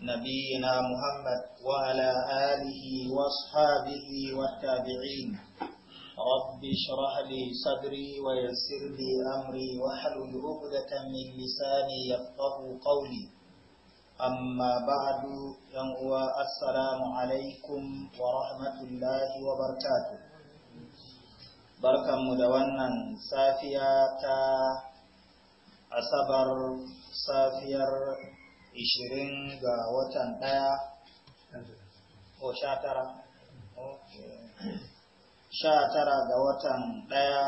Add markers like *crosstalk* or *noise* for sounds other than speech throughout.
نبينا محمد وعلى آله واصحابه والتابعين رب اشرح لي صدري ويسر لي أمري واحلل عقدة من لساني يفقه قولي أما بعد ينقوى السلام عليكم ورحمة الله وبركاته barkanmu da wannan safiya ta asabar safiyar ishirin ga watan ɗaya ko sha tara sha tara ga watan ɗaya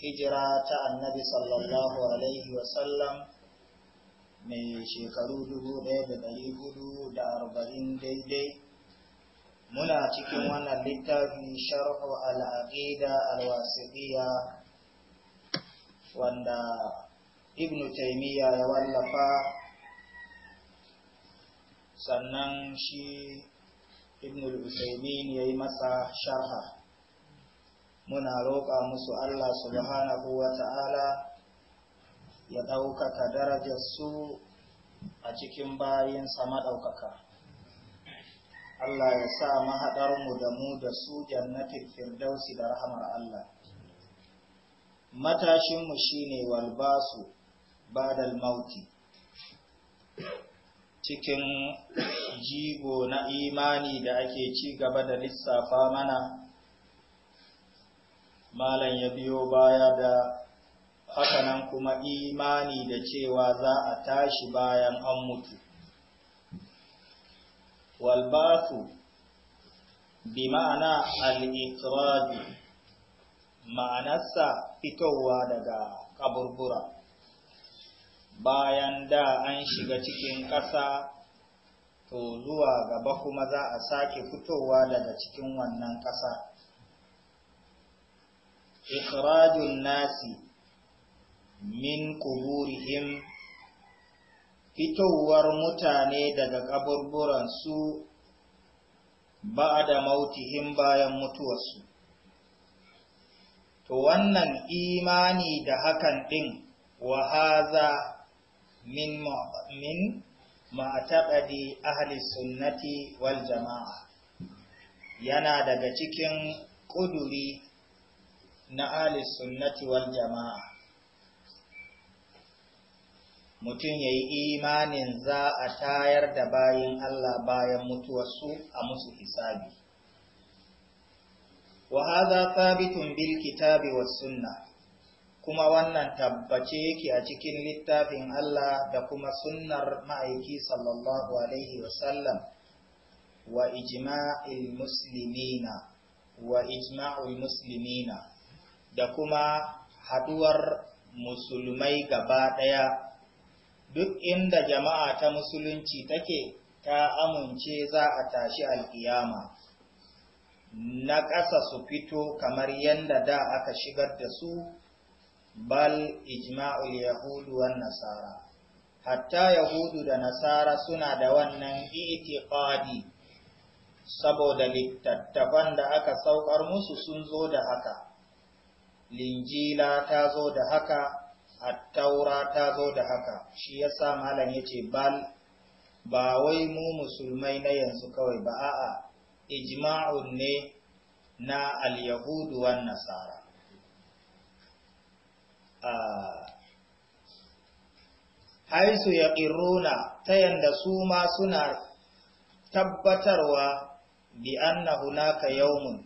hijira ta annabi sallallahu alaihi wasallam mai shekaru dubu ɗaya da ɗari hudu da arba'in daidai muna cikin wannan littafin sharhu al'aqida alwasiɗiya wanda ibnu taimiyya ya wallafa sannan shi ibn al-usaimin ya yi masa sharha muna roƙa musu allah subhanahu wa ta'ala ya ɗaukaka su a cikin bayansa maɗaukaka allah ya sa mahaɗarmu da mu da su jannatin firdausi da rahamar allah matashinmu shine walbasu badal mauti cikin jigo na imani da ake ci gaba da lissafa mana malam ya biyo baya da hakanan kuma imani da cewa za a tashi bayan an mutu walbatu bi ma'ana al'ikirari ma'anarsa fitowa daga kaburbura bayan da an shiga cikin ƙasa to zuwa gaba kuma za a sake fitowa daga cikin wannan ƙasa ikhrajun nasi min kuburihim fitowar mutane daga kaburburansu ba da mautihim bayan mutuwarsu to wannan imani da hakan ɗin wa haza min min ma'taqadi ahli sunnati wal jama'a yana daga cikin ƙuduri na ahli sunnati wal jama'a mutum ya yi imanin za a tayar da bayan Allah bayan mutuwarsu a musu hisabi wa hadha thabitun bil kitabi was sunnah kuma wannan tabbace yake a cikin littafin Allah da kuma sunnar ma'aiki sallallahu alaihi wasallam wa ijma'il muslimina wa ijma'ul muslimina da kuma haduwar musulmai gaba ɗaya duk inda jama'a ta musulunci take ta amince za a tashi alkiyama na ƙasa su fito kamar yadda da aka shigar da su bal ijma'ul yahudu wan nasara hatta yahudu da nasara suna da wannan itiqadi saboda littattafan da aka saukar musu sun zo da haka linjila ta zo da haka attaura ta zo da haka shi yasa malam yace bal ba wai mu musulmai na yanzu kawai ba a'a ijma'un ne na al-yahudu wan nasara haisu ya ƙiruna ta yadda su ma suna tabbatarwa bi anna hunaka yaumun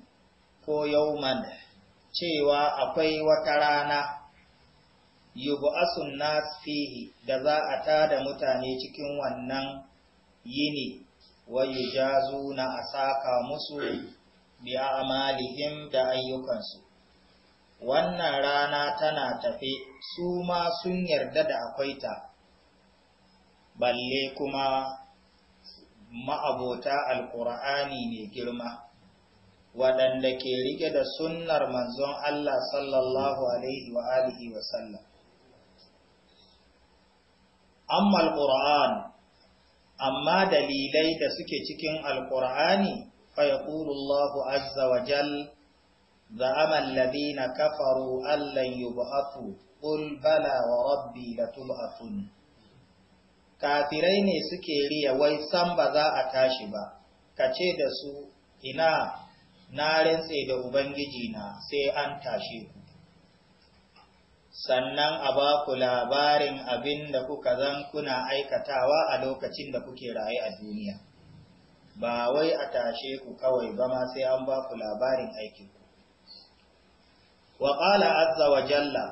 ko yauman cewa akwai wata rana yubu'asun nas fihi da za a tada mutane cikin wannan yini wa a saka musu bi a'malihim da ayyukansu wannan rana tana tafe su ma sun yarda da akwai ta balle kuma ma'abota alƙur'ani ne girma waɗanda ke rike da sunnar manzon Allah sallallahu alaihi wa alihi wa amma amma dalilai da suke cikin alƙur'ani fa yaqulu Allahu azza wa jalla زعم الذين كفروا أن لن يبعثوا قل بلى وربي لتبعثن kafirai ne suke riya wai san ba za a tashi ba ka ce da su ina na rantse da ubangiji na sai an tashe ku sannan a ba ku labarin abin da kuka zan kuna aikatawa a lokacin da kuke raye a duniya ba wai a tashe ku kawai ba ma sai an ba ku labarin ku. wa qala azza wa jalla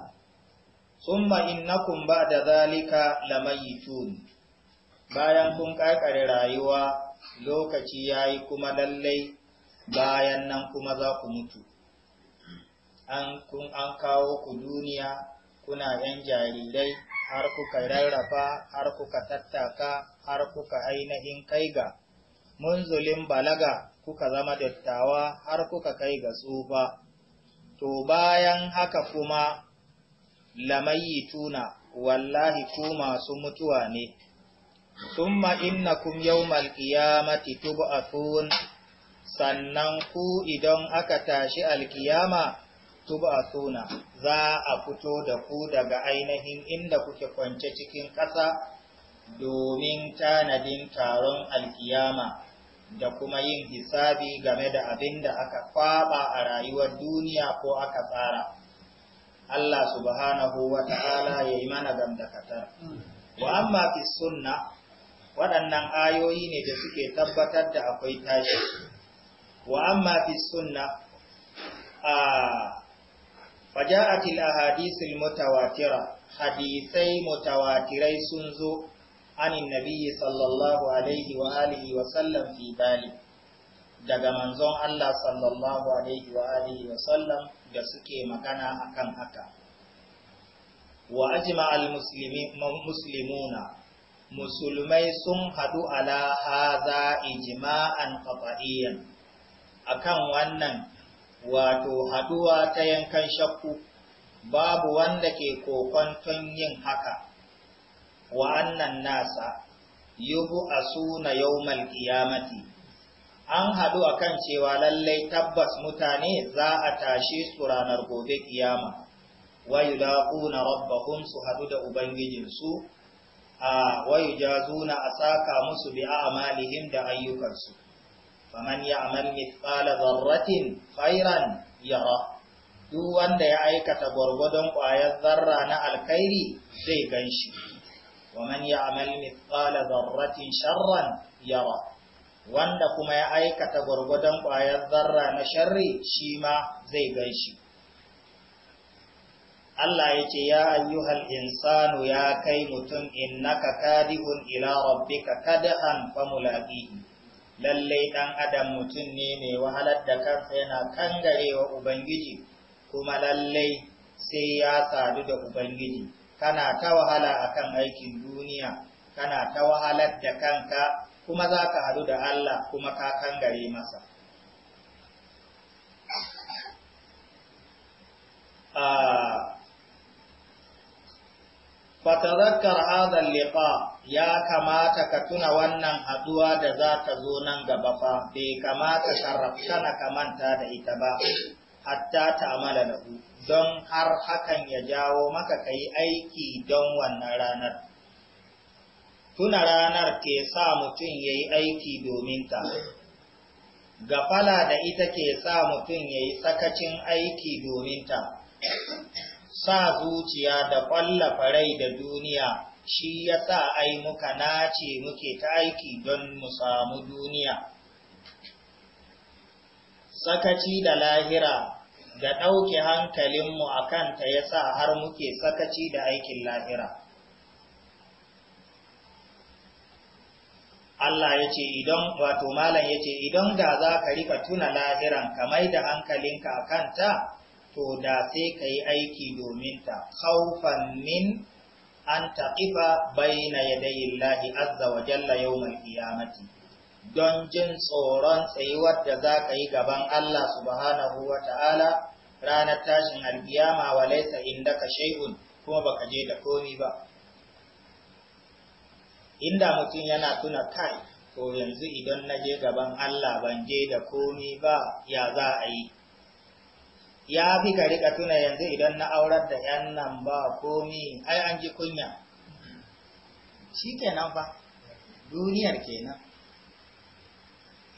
da innakum ba'da zalika lamayitun bayan kun ƙaƙare rayuwa lokaci yayi kuma lallai bayan nan kuma za ku mutu an kun an kawo ku duniya kuna yan jarirai har kuka rarrafa har kuka tattaka har kuka ainihin kai ga munzulin balaga kuka zama dattawa har kuka kai ga tsufa to bayan haka kuma tuna, wallahi ku masu mutuwa ne summa innakum yawmal qiyamati tub'athun sannan ku idan aka tashi alkiyama tub'athuna za a fito da ku daga ainihin inda kuke kwance cikin ƙasa domin tanadin taron alkiyama da kuma yin hisabi game da abin da aka faɓa a rayuwar duniya ko aka tsara. Allah subhanahu wa ta'ala ya yi mana gamdakatar. Wa amma fi sunna waɗannan ayoyi ne da suke tabbatar da akwai tashi. Wa amma fi sunna a faja'atil ahadisul mutawatira hadisai mutawatirai sun zo عن النبي صلى الله عليه وآله وسلم في ذلك daga manzon Allah sallallahu alaihi wa alihi wa sallam da suke magana akan haka wa ajma al muslimuna musulmai sun hadu ala hadha ijma'an qat'iyyan akan wannan wato haduwa ta yankan shakku babu wanda ke kokon tun yin haka wa annan nasa yubu asuna yawmal qiyamati an haɗu akan cewa lallai tabbas mutane za a tashe su ranar gobe kiyama wa yulaquna rabbahum su haɗu da ubangijinsu a wa a asaka musu bi a'malihim da ayyukansu faman amal mithqala dharratin khairan yara duk wanda ya aikata gwargwadon ƙwayar zarra na alkhairi zai ganshi ومن يعمل مثقال ذرة شرا يرى wanda kuma ya aikata gwargwadon ƙwayar zarra na sharri shi ma zai gan shi. Allah ya ce, Ya ayyuhal insanu ya kai mutum innaka kadihun ila rabbika kadhan famulaqihi lallai ɗan adam mutum ne mai wahalar da kansa yana kangarewa Ubangiji kuma lallai sai ya sadu da Ubangiji. kana ta wahala a kan aikin duniya kana ta wahalar da kanka kuma za ka haɗu da Allah kuma ka kangare masa ah, fatarakar hadar liƙa ya kamata ka tuna wannan haɗuwa da za ta zo nan gaba fa bai kamata ka na ka manta da ita ba hatta ta'amala lahu don har hakan ya jawo maka kai aiki don wannan ranar tuna ranar ke sa mutum ya yi aiki domin ta gafala da ita ke sa mutum ya yi sakacin aiki domin ta sa zuciya da ƙwallafa rai da duniya shi ya sa ai muka nace muke ta aiki don mu samu duniya sakaci da lahira ga ɗauke hankalinmu a kanta ya sa har muke sakaci da aikin lahira. Allah ya ce idan wato malam ya ce idan da za ka rika tuna lahiran ka mai da hankalinka a kanta to da sai ka yi aiki domin ta haufan min an taƙifa bai na yadayin lahi azza wa jalla yau mai kiyamati. don jin tsoron tsayuwar da za ka yi gaban Allah subhanahu wa ta'ala ranar tashin alkiyama wa laisa ka shay'un kuma baka je da komi ba inda mutum yana tuna kai ko yanzu idan na je gaban Allah ban je da komi ba ya za a yi ya fi ka riƙa tuna yanzu idan na aurar da ‘yan nan ba komi ai an ji kunya shi kenan ba, duniyar kenan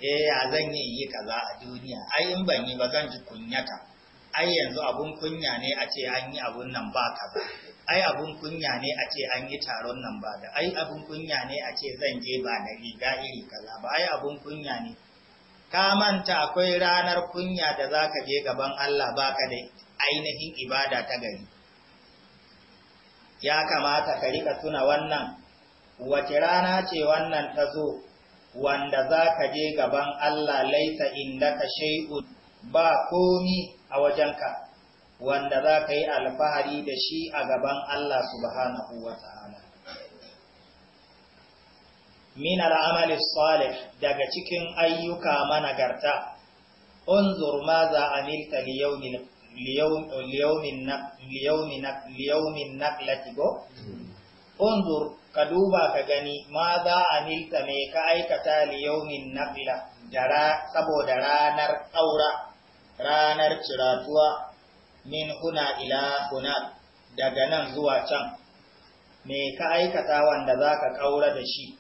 eh ya zan yi yi kaza a duniya ai in ban yi ba zan ji kunyata ai yanzu abun kunya ne a ce an yi abun nan ba kaza ai abun kunya ne a ce an yi taron nan ba da ai abun kunya ne a ce zan je ba da riga iri kaza ba ai abun kunya ne ka manta akwai ranar kunya da zaka je gaban Allah ba ka da ainihin ibada ta gari ya kamata ka rika tuna wannan wace rana ce wannan ta zo wanda za ka je gaban Allah laisa indaka shay'un ba komi a wajenka wanda za ka yi alfahari da shi a gaban Allah subhanahu wa ta'ala min al'amali salih daga cikin ayyuka managarta unzur ma za a milta liyawmin liyawmin go hmm. unzur ka duba ka gani ma za a milta me ka aikata liyaumin naqla da saboda ranar aura ranar ciratuwa min huna ila huna daga nan zuwa can me ka aikata wanda za ka ƙaura da shi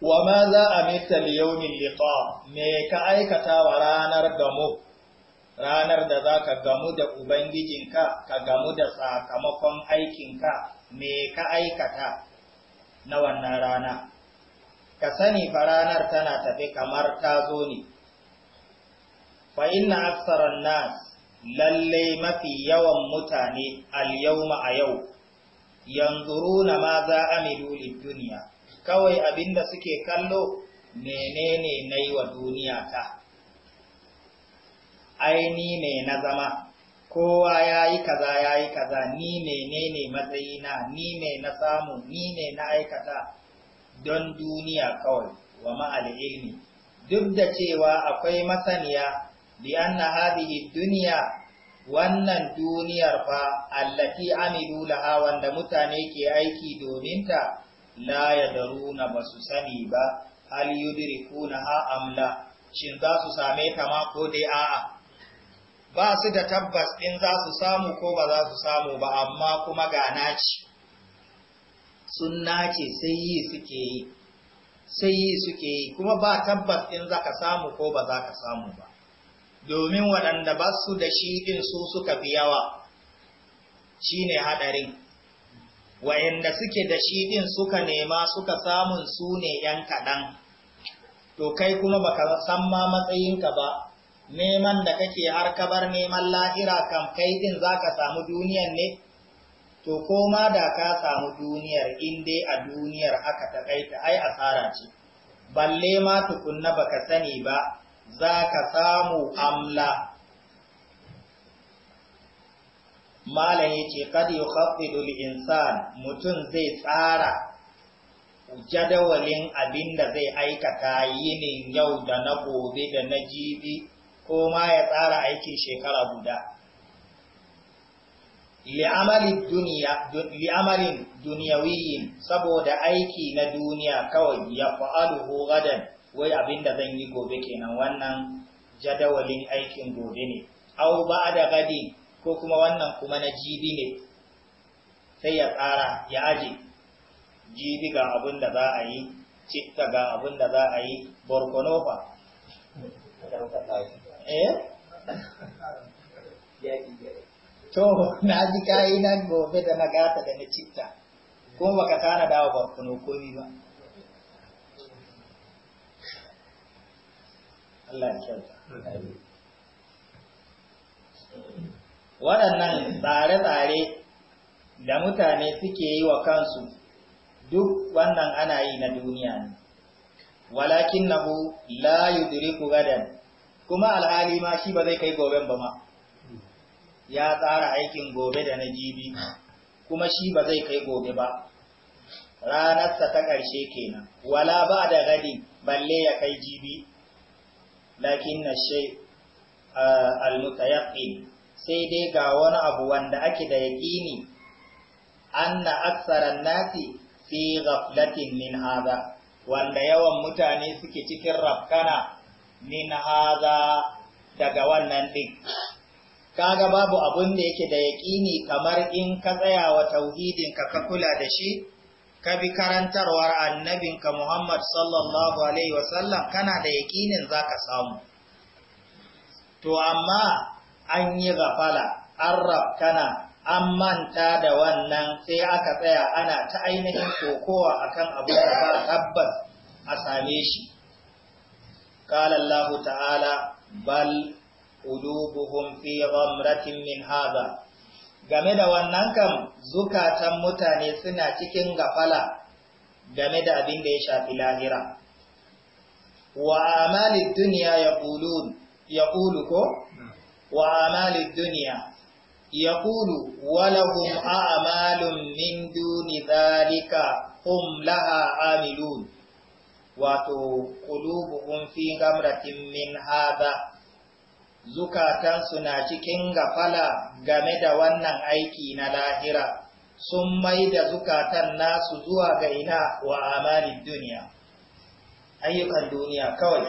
wa ma za a mita liyaumin liqa me ka aikata wa ranar gamo ranar da za ka gamu da ubangijinka ka gamu da sakamakon aikinka me ka aikata na wannan rana ka sani fa ranar tana tafi kamar ta zo ne fa inna aksaran nas lalle mafi yawan mutane al-yawma a yau yanzuruna ma za a duniya duniya. kawai abinda suke kallo menene nayi wa duniya ta aini ne na zama kowa ya yi kaza ya yi kaza ni menene matsayina ni ne na samu ni ne na aikata don duniya kawai wa ma'al ilmi duk da cewa akwai masaniya bi anna hadhihi dunya wannan duniyar fa allati amilu laha wanda mutane ke aiki domin ta la yadaruna basu sani ba hal yudrikuna amla shin za su same ta ma ko dai a'a ba su da tabbas ɗin za su samu ko ba za su samu ba amma kuma ga naci sun nace sai yi suke yi sai yi suke yi kuma ba tabbas ɗin za ka samu ko ba za ka samu ba domin waɗanda ba su da shi ɗin su suka fi yawa shi ne haɗarin wayanda suke da shi ɗin suka nema suka samun su ne ‘yan kaɗan to kai kuma baka san ma matsayinka ba neman da kake har ka bar neman lahira kam kai din za ka samu duniyar ne to koma da ka samu duniyar in dai a duniyar aka takaita ai asara ce balle ma tukunna baka sani ba za ka samu amla malam ya ce kad insan mutum zai tsara jadawalin abin da zai aikata yinin yau da na gobe da na jibi ko ma ya tsara aikin shekara guda li'amalin duniyawiyin saboda aiki na duniya kawai ya fa'aluhu gadan wai abinda zan yi gobe kenan wannan jadawalin aikin gobe ne au ba da gadi ko kuma wannan kuma na jibi ne sai ya tsara ya aje jibi ga abin za a yi citta ga abin za a yi borkonofa Eh? *laughs* to *laughs* na ji kayi nan gobe da na gata da na citta kuma baka tana dawa barkono ba Allah ya waɗannan tsare-tsare da mutane suke yi wa kansu duk wannan ana yi na duniya walakin nahu layu yudriku gadan kuma alhali ma shi ba zai kai goben ba ma ya tsara aikin gobe da na jibi kuma shi ba zai kai gobe ba ranarsa ta ƙarshe kenan wala ba da gadi balle ya kai jibi lakin na al almutayaƙi sai dai ga wani abu wanda ake da yaƙini anna aksaran nasi fi ghaflatin min hada wanda yawan mutane suke cikin rafkana min haza daga wannan ɗin. Kaga babu abun da yake da yaƙini kamar in ka tsaya wa tauhidinka ka kula da shi, ka bi karantarwar annabinka Muhammad sallallahu Alaihi wasallam kana da yaƙinin za ka samu. To, amma an yi gafala, an rafkana, an manta da wannan sai aka tsaya ana ta ainihin kokowa akan abu da ba tabbas a same shi. قال الله تعالى بل قلوبهم في غمرة من هذا game da wannan kam zukatan mutane suna cikin gafala game da abin da ya shafi lahira wa amalid dunya yaqulun yaqulu ko wa amalid dunya yaqulu wa lahum a'malun min duni dhalika hum laha amilun wato qulubuhum fi gamratin min hadha zukatansu na cikin gafala game da wannan aiki na lahira sun maida da zukatan nasu zuwa ga ina wa amalin duniya ayyukan duniya kawai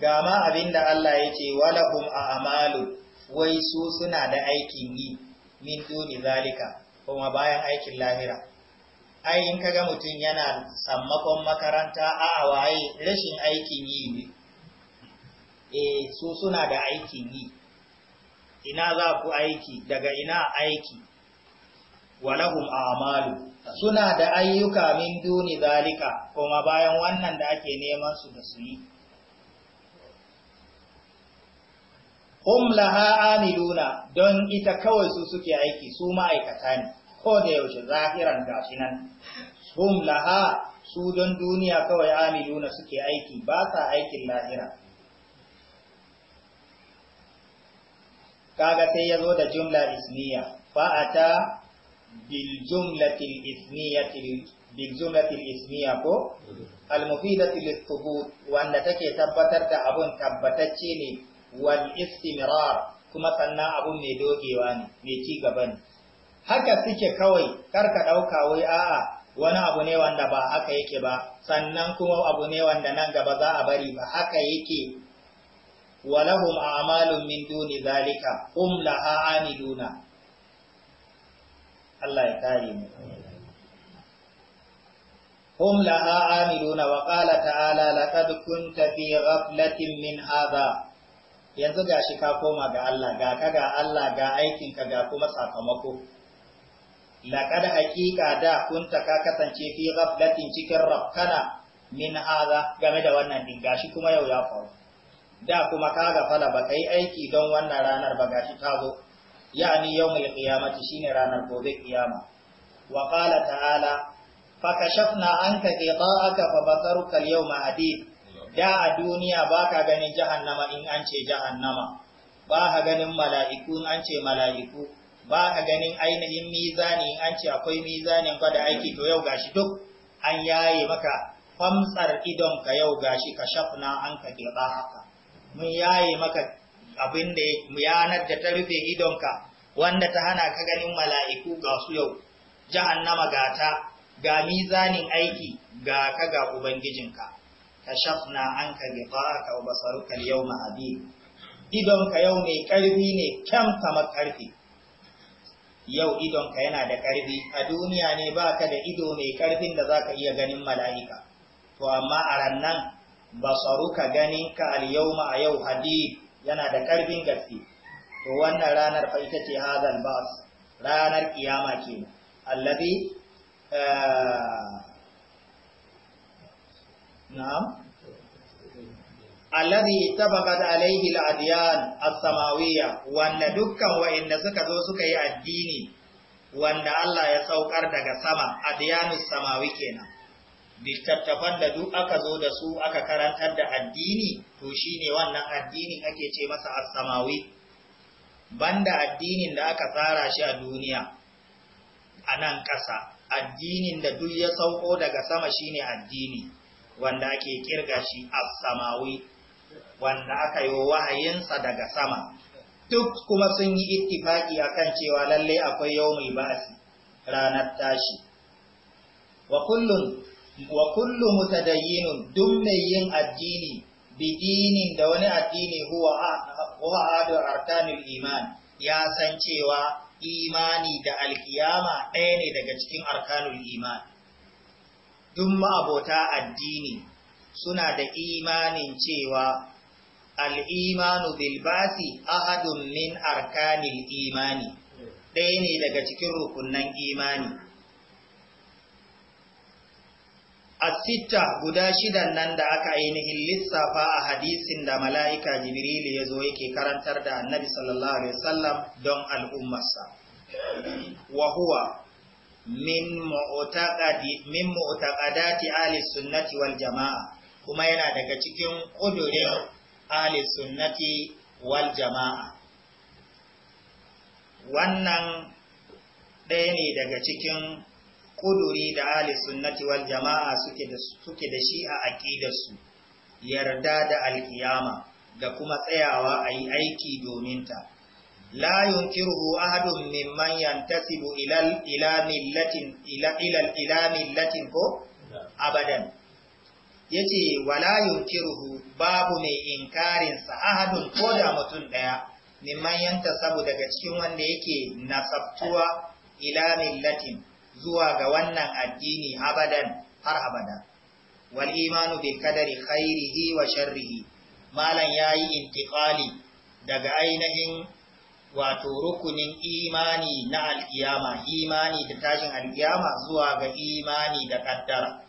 ga ma abin da Allah ya ce walahum a amalu wai su suna da aikin yi min duni zalika kuma bayan aikin lahira ai in kaga mutum yana sammakon makaranta a waye rashin aikin yi ne Eh, su suna da aikin yi ina za ku aiki daga ina aiki walahum a'malu suna da ayyuka min duni zalika kuma bayan wannan da ake neman su da su yi hum laha amiluna don ita kawai su suke aiki su ma'aikata ne ko da yaushe zahiran gashi nan hum laha su don duniya kawai amiluna suke aiki ba sa aikin lahira kaga sai ya zo da jumla ismiya fa'ata bil jumlatil ismiyatil bil ismiya ko al mufidatil thubut wanda take tabbatar da abun tabbatacce ne wal istimrar kuma sannan abun mai dogewa ne mai ci gaba ne haka suke kawai karka ɗauka wai a'a wani abu ne wanda ba haka yake ba sannan kuma abu ne wanda nan gaba za a bari ba haka yake walahum a'malun min duni zalika hum laha amiluna Allah ya kare mu hum laha amiluna wa qala ta'ala laqad kunta fi ghaflatin min hadha yanzu gashi ka koma ga Allah ga ka ga Allah ga aikinka ga kuma sakamako Lakada haƙiƙa da kunta ka kasance fi gaflatin cikin rafkana min haza game da wannan din gashi kuma yau ya faru da kuma ka gafala baka yi aiki don wannan ranar ba gashi ta zo ya'ani yawmul qiyamati shine ranar gobe kiyama wa qala ta'ala fakashafna anka ghita'aka fa basaruka al-yawma hadid da a duniya baka ganin jahannama in an ce jahannama ba ganin mala'iku in an ce mala'iku ba ka ganin ainihin mizani an ce akwai mizanin gwada aiki to yau gashi duk an yaye maka famsar idon ka yau gashi ka shafna an ka girba haka mun yaye maka abin da yanar da ta rufe idonka wanda ta hana ka ganin mala'iku ga su yau jahannama ga ta ga mizanin aiki ga ka ga ubangijinka ka shafna an ka girba ka basaruka yau ma'abi idonka yau mai karfi ne kyam kamar karfi yau idonka yana da ƙarfi a duniya ne ba ka da ido mai ƙarfin da za ka iya ganin mala'ika to amma a rannan basaruka ganin ka ma a yau hadid yana da ƙarfin gaske to wannan ranar fa ita ce hazal bas, ranar kiyama ke allabi, eh, na'am alladhi tabaqat alayhi al-adyan as-samawiyya wanda dukkan wa'inda suka zo suka yi addini wanda Allah ya saukar daga sama adyanus samawi kenan littattafan da duk aka zo da su aka karantar da addini to shine wannan addini ake ce masa as-samawi banda addinin da aka tsara shi a duniya a nan ƙasa addinin da duk ya sauko daga sama shine addini wanda ake kirga shi as-samawi wanda aka yi wahayinsa daga sama duk kuma sun yi ittifaki akan cewa lalle akwai mai ba'asi ranar tashi wa kullum wa kullu mutadayyinun duk yin addini bidinin da wani addini huwa huwa adu arkanul iman ya san cewa imani da alkiyama ɗaya ne daga cikin arkanul iman duk ma'abota addini suna da imanin cewa al'imanu bilbasi ahadun min arkanil imani ɗaya ne daga cikin rukunan imani a guda shidan nan da aka ainihin lissafa a hadisin da mala'ika jibrilu ya zo yake karantar da annabi sallallahu alaihi wasallam don al'ummarsa wahuwa min mu'taqadati ahli sunnati wal jama'a kuma yana daga cikin ƙudurin ahli sunnati wal jama'a wannan ɗaya ne daga cikin ƙuduri da ahli sunnati wal jama'a suke da shi a aƙidarsu yarda da alkiyama da kuma tsayawa a yi aiki dominta la yunkiruhu ahadun mimman yantasibu ila millatin ko abadan ya ce wala yunkiruhu babu mai inkarinsa ahadun ko da mutum ɗaya mimman yanta sabu daga cikin wanda yake nasabtuwa ila millatin zuwa ga wannan addini abadan har abada wal imanu bi kadari khairihi wa sharrihi malan yayi intiqali daga ainihin wato rukunin imani na alkiyama imani da tashin alkiyama zuwa ga imani da kaddara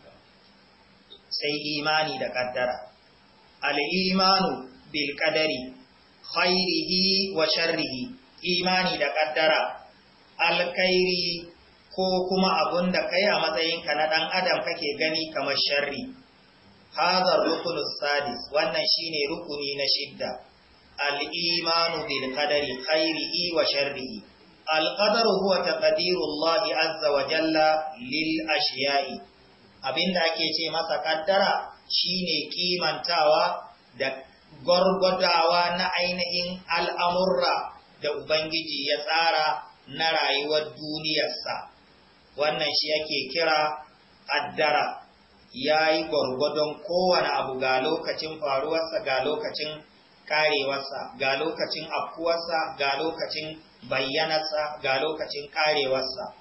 sai imani da kaddara al bil khairihi wa sharrihi imani da kaddara alkhairi ko kuma abun da kai a matsayinka na dan adam kake gani kamar sharri hazar rukunu sadis wannan shine rukuni na shidda alimanu imanu bil khairihi wa sharrihi al-qadaru huwa taqdiru Allah azza wa jalla lil ashiya'i abinda ake ce masa kaddara shine kimantawa da gwargwadawa na ainihin al'amurra da Ubangiji ya tsara na rayuwar duniyarsa, wannan shi yake kira addara, ya yi gwargwadon kowane abu ga lokacin faruwarsa ga lokacin karewarsa, ga lokacin afkuwarsa ga lokacin bayyanarsa ga lokacin karewarsa.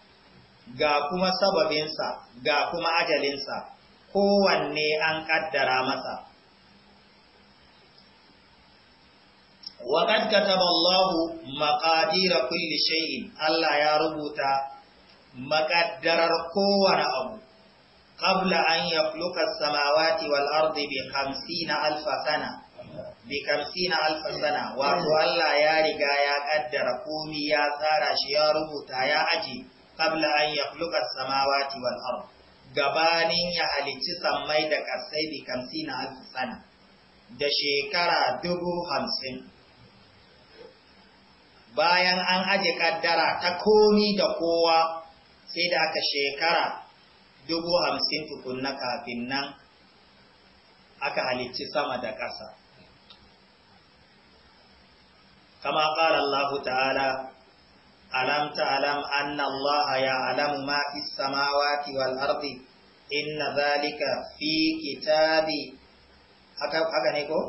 ga kuma sababinsa ga kuma ajalinsa kowanne an ƙaddara masa waƙad kataba Allahu maƙadira kulli shay'in Allah ya rubuta maƙaddarar kowane abu ƙabla an ya as-samawati wal ardi bi 50 alf sana bi sana wato Allah ya riga ya ƙaddara komai ya tsara shi ya rubuta ya aji. qabla an yakhluqa as-samawati wal ard gabanin ya halicci sammai da kasai bi kamsina alf sana da shekara dubu hamsin bayan an aje kaddara ta komi da kowa sai da aka shekara dubu hamsin tukunna kafin nan aka halicci sama da ƙasa kama ƙara Allah ta'ala alam ta'lam anna Allah ya'lamu ma fis samawati wal ardi inna zalika fi kitabi haka haka ne ko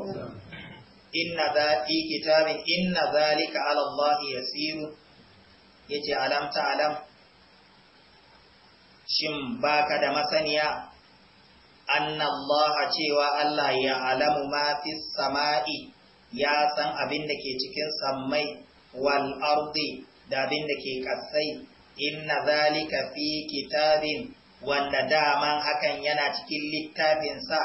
inna za fi kitabin inna zalika yace alam ta'lam shin baka da masaniya anna Allah cewa Allah ya alamu ma sama'i ya san abin da ke cikin sammai wal da abin da ke kasai inna zalika fi kitabin wanda daman hakan yana cikin littafinsa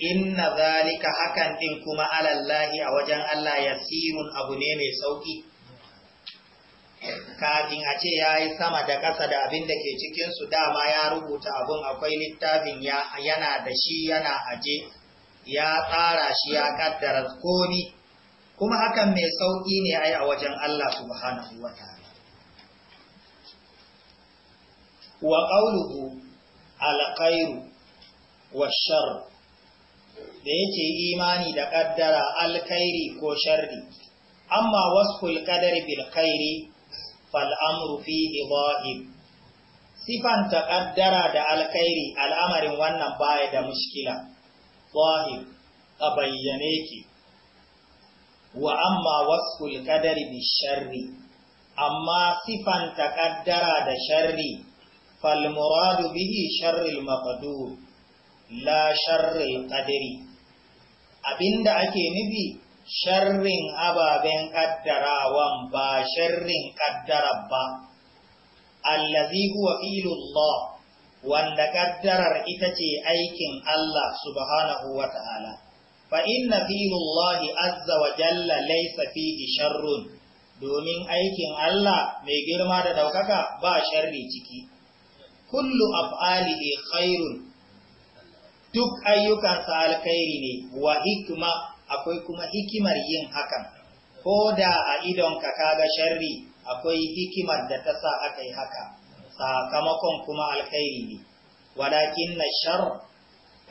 inna zalika hakan din kuma alallahi a wajen Allah yasirun abu ne mai sauki kafin a ce ya yi sama da ƙasa da abin da ke cikinsu dama ya rubuta abin akwai littafin yana da shi yana aje ya tsara shi ya kaddara komi kuma hakan mai sauƙi ne ai a wajen Allah subhanahu wa ta'ala wa qawluhu alkhairu washar da yake imani da kaddara alkhairi ko sharri amma wasful qadari bil khairi fal amru fihi dhahir sifanta kaddara da alkhairi al'amarin wannan baya da mushkila dhahir a bayyane ki wa amma wasful qadari bi sharri amma sifan ƙaddara da sharri fal muradu bihi sharril maqdur la sharril qadari abinda ake nufi sharrin ababen kaddarawan ba sharrin kaddara ba allazi huwa ilullah wanda kaddarar ita ce aikin Allah subhanahu wa ta'ala Fa'in inna Azzawajalla azza wa sharrun domin aikin Allah mai girma da daukaka ba sharri ciki kullu af'alihi khairun duk ayyukansa alkhairi ne wa hikma akwai kuma hikimar yin hakan ko da a idonka kaga sharri akwai hikimar da ta sa aka yi haka sakamakon kuma alkhairi ne Wadakin na shar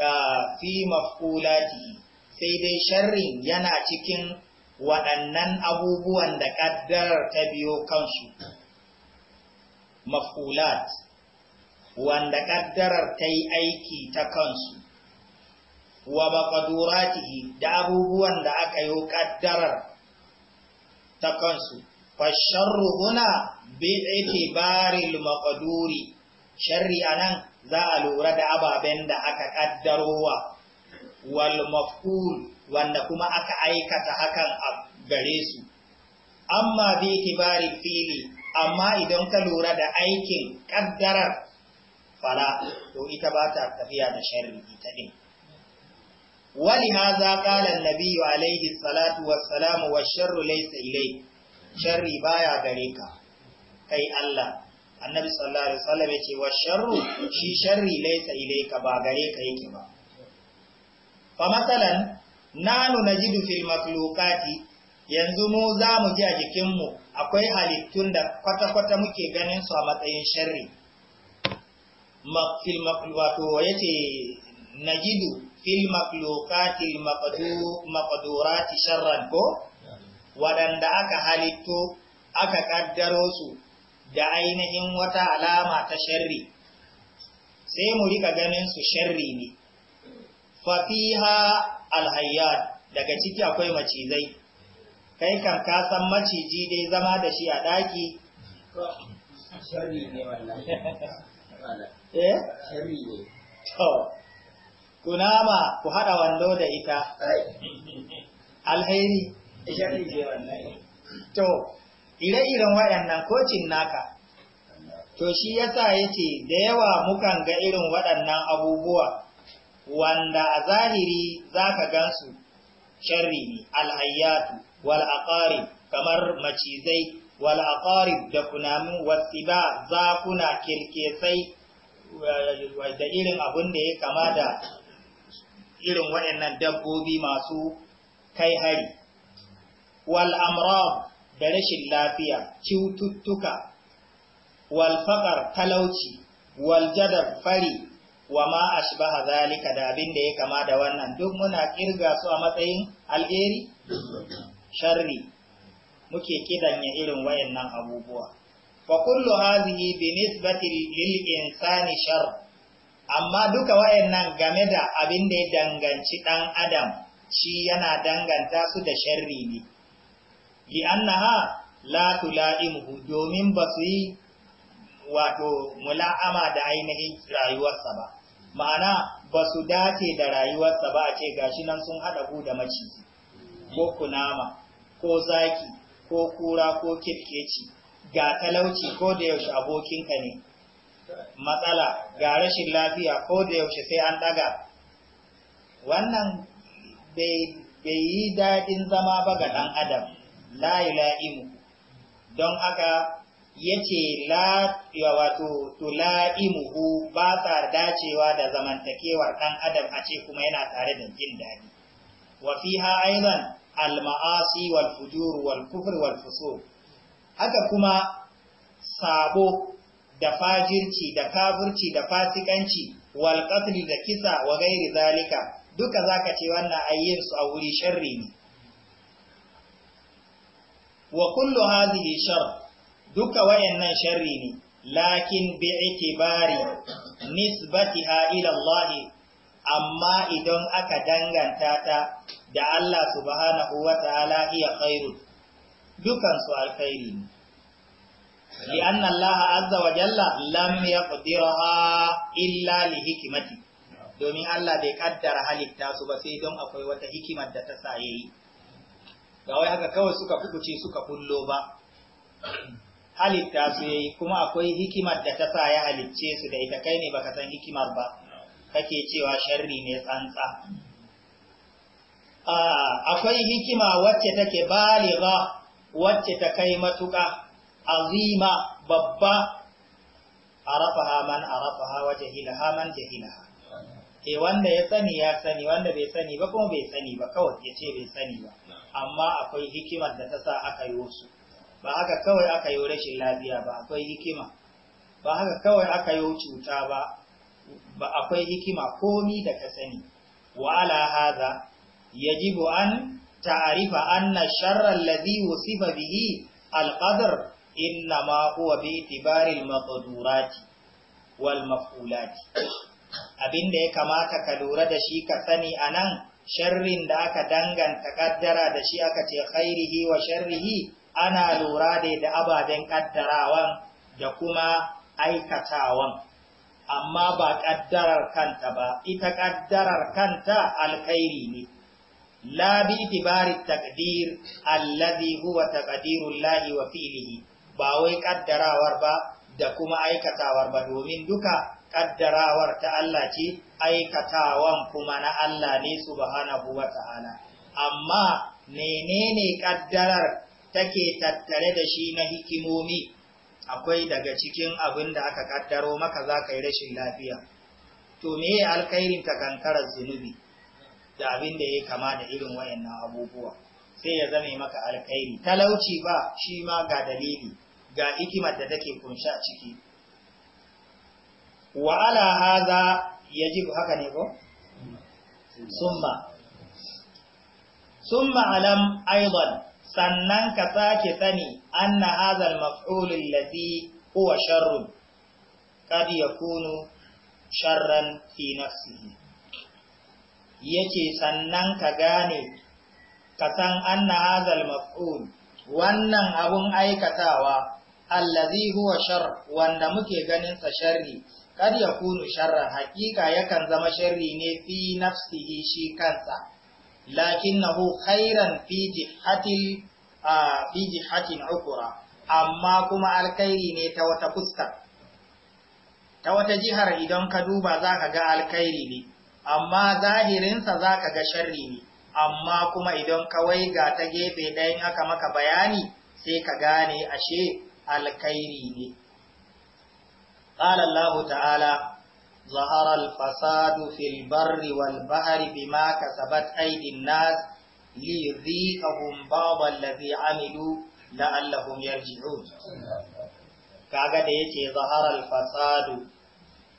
ah, fi mafulati sai dai sharrin yana cikin waɗannan abubuwan da ƙaddarar ta biyo kansu mafulat wanda ƙaddarar ta yi aiki ta kansu wa maƙaduratihi da abubuwan da aka yi ƙaddarar ta kansu fasharru huna bi'iti baril maƙaduri sharri anan za a lura da ababen da aka ƙaddarowa wal maf'ul wanda kuma aka aikata hakan a gare su amma bi kibari fili amma idan ka lura da aikin kaddarar fala to ita ba ta tafiya da sharri ita din ولهذا قال النبي عليه الصلاة والسلام والشر ba إليك شر بايا غريك كي الله النبي صلى الله عليه وسلم يقول والشر شي شر ليس ba gare ka yake ba. fa masalan nanu na fil makhluqati yanzu mu za mu ji a jikinmu akwai halittun da kwata-kwata muke ganin su a matsayin sharri fil wato yace najidu fil makhluqati maqdurati sharran ko waɗanda aka halitto aka ƙaddaro su da ainihin wata alama ta sharri sai mu rika ganin su sharri ne fafiha alhayyad daga ciki akwai macizai kai kan ka san maciji dai zama da shi a daki *laughs* eh to kunama ku hada wando da ita alhairi to ire-iren waɗannan kocin naka to shi yasa yake da yawa mukan ga irin waɗannan abubuwa wanda a zahiri zaka gansu sharri ne alhayyatu wal kamar macizai wal’aƙari da kunamu wasiba kirke kirkesai eh, da irin abun da ya kama da irin waɗannan dabbobi masu kai hari wal da rashin lafiya cututtuka wal talauci wal fari wa ma ashbaha zalika da abin da ya kama da wannan duk muna kirga su a matsayin alheri sharri muke kidanya irin wayannan abubuwa fa kullu hadhihi bi nisbati lil insani shar amma duka wayannan game da abin da ya danganci dan adam shi yana danganta su da sharri ne li annaha la tulaimu domin ba su yi wato mula'ama da ainihin rayuwarsa ba ma'ana ba su dace da rayuwarsa ba a ce gashi nan sun haɗa gu da maciji ko kunama ko zaki ko kura ko kirkeci ga talauci ko da yaushe abokinka ne matsala ga rashin lafiya ko da yaushe sai an ɗaga wannan bai yi daɗin zama ba ga ɗan adam la ila'imu don haka yace la wato tula'imuhu ba ta dacewa da zamantakewar ɗan adam a ce kuma yana tare da jin daɗi wa fiha aidan al-ma'asi wal fujur wal kufr wal fusuq haka kuma sabo da fajirci da kafirci da fasikanci wal qatl da kisa wa gairi zalika duka zaka ce wannan ayyin su a wuri sharri ne wa kullu hadhihi shar duka wayannan sharri ne lakin bi itibari nisbati ila amma idan aka danganta ta da Allah subhanahu wa ta'ala iya khairu dukan su alkhairi ne li anna Allah azza wa jalla lam yaqdiraha illa li hikmati domin Allah bai kaddara halitta su ba sai don akwai wata hikimar da ta sa yayi wai haka kawai suka kukuce suka kullo ba halitta su yayi kuma akwai hikimar da ta sa ya halicce su da ita kai ne baka san hikimar ba kake cewa sharri ne tsantsa akwai hikima wacce take baliga wacce ta kai matuka azima babba arafaha man arafaha wa jahilaha man jahilaha e wanda ya sani ya sani wanda bai sani ba kuma bai sani ba kawai ya ce bai sani ba amma akwai hikimar da ta sa aka yi wasu ba haka kawai aka yi rashin lafiya ba akwai hikima ba haka kawai aka yi cuta ba ba akwai hikima komi da ka sani wa ala hadha yajibu an ta'rifa anna Sharran, alladhi wusifa bihi alqadar inna ma huwa bi itibari almaqdurati wal maf'ulati abinda ya kamata ka lura da shi ka sani anan sharrin da aka danganta kaddara da shi aka ce khairihi wa sharrihi ana lura da da ababen kaddarawan da kuma aikatawan amma ba ƙaddarar kanta ba ita ƙaddarar kanta alkhairi ne la bi itibari taqdir allazi huwa taqdirullahi wa fi'lihi ba wai ƙaddarawar ba da kuma aikatawar ba domin duka Ƙaddarawar ta Allah ce aikatawan kuma na Allah ne subhanahu wa ta'ala amma menene ƙaddarar. take tattare da shi na hikimomi akwai daga cikin abin da aka kaddaro maka za ka yi rashin lafiya to me alkhairin ta kankarar zunubi da abin da ya kama da irin wayannan abubuwa sai ya zame maka alkhairi talauci ba shi ma ga dalili ga hikimar da take kunshi ciki wa ala ji ku haka ne ko summa summa alam aidan sannan ka sake sani an na hazar maf'ulul ladhi kowa sharrun kad kunu sharran fi nafsihi yake sannan ka gane ka san an na hazar maf'ul wannan abun aikatawa allazi huwa shar wanda muke ganin sa sharri kad kunu sharran hakika yakan zama sharri ne fi nafsihi shi kansa lakinnahu khairan fi jihatil fi jihatin ukura amma kuma alkhairi ne ta wata fuska ta wata jihar idan ka duba zaka ga alkhairi ne amma zahirinsa zaka ga sharri ne amma kuma idan ka waiga ta gefe ɗayan aka maka bayani sai ka gane ashe alkhairi ne qala Allah ta'ala ظهر الفساد في البر والبحر بما كسبت أيدي الناس ليذيقهم بعض الذي عملوا لعلهم يرجعون kaga da yace Zaharar fasadu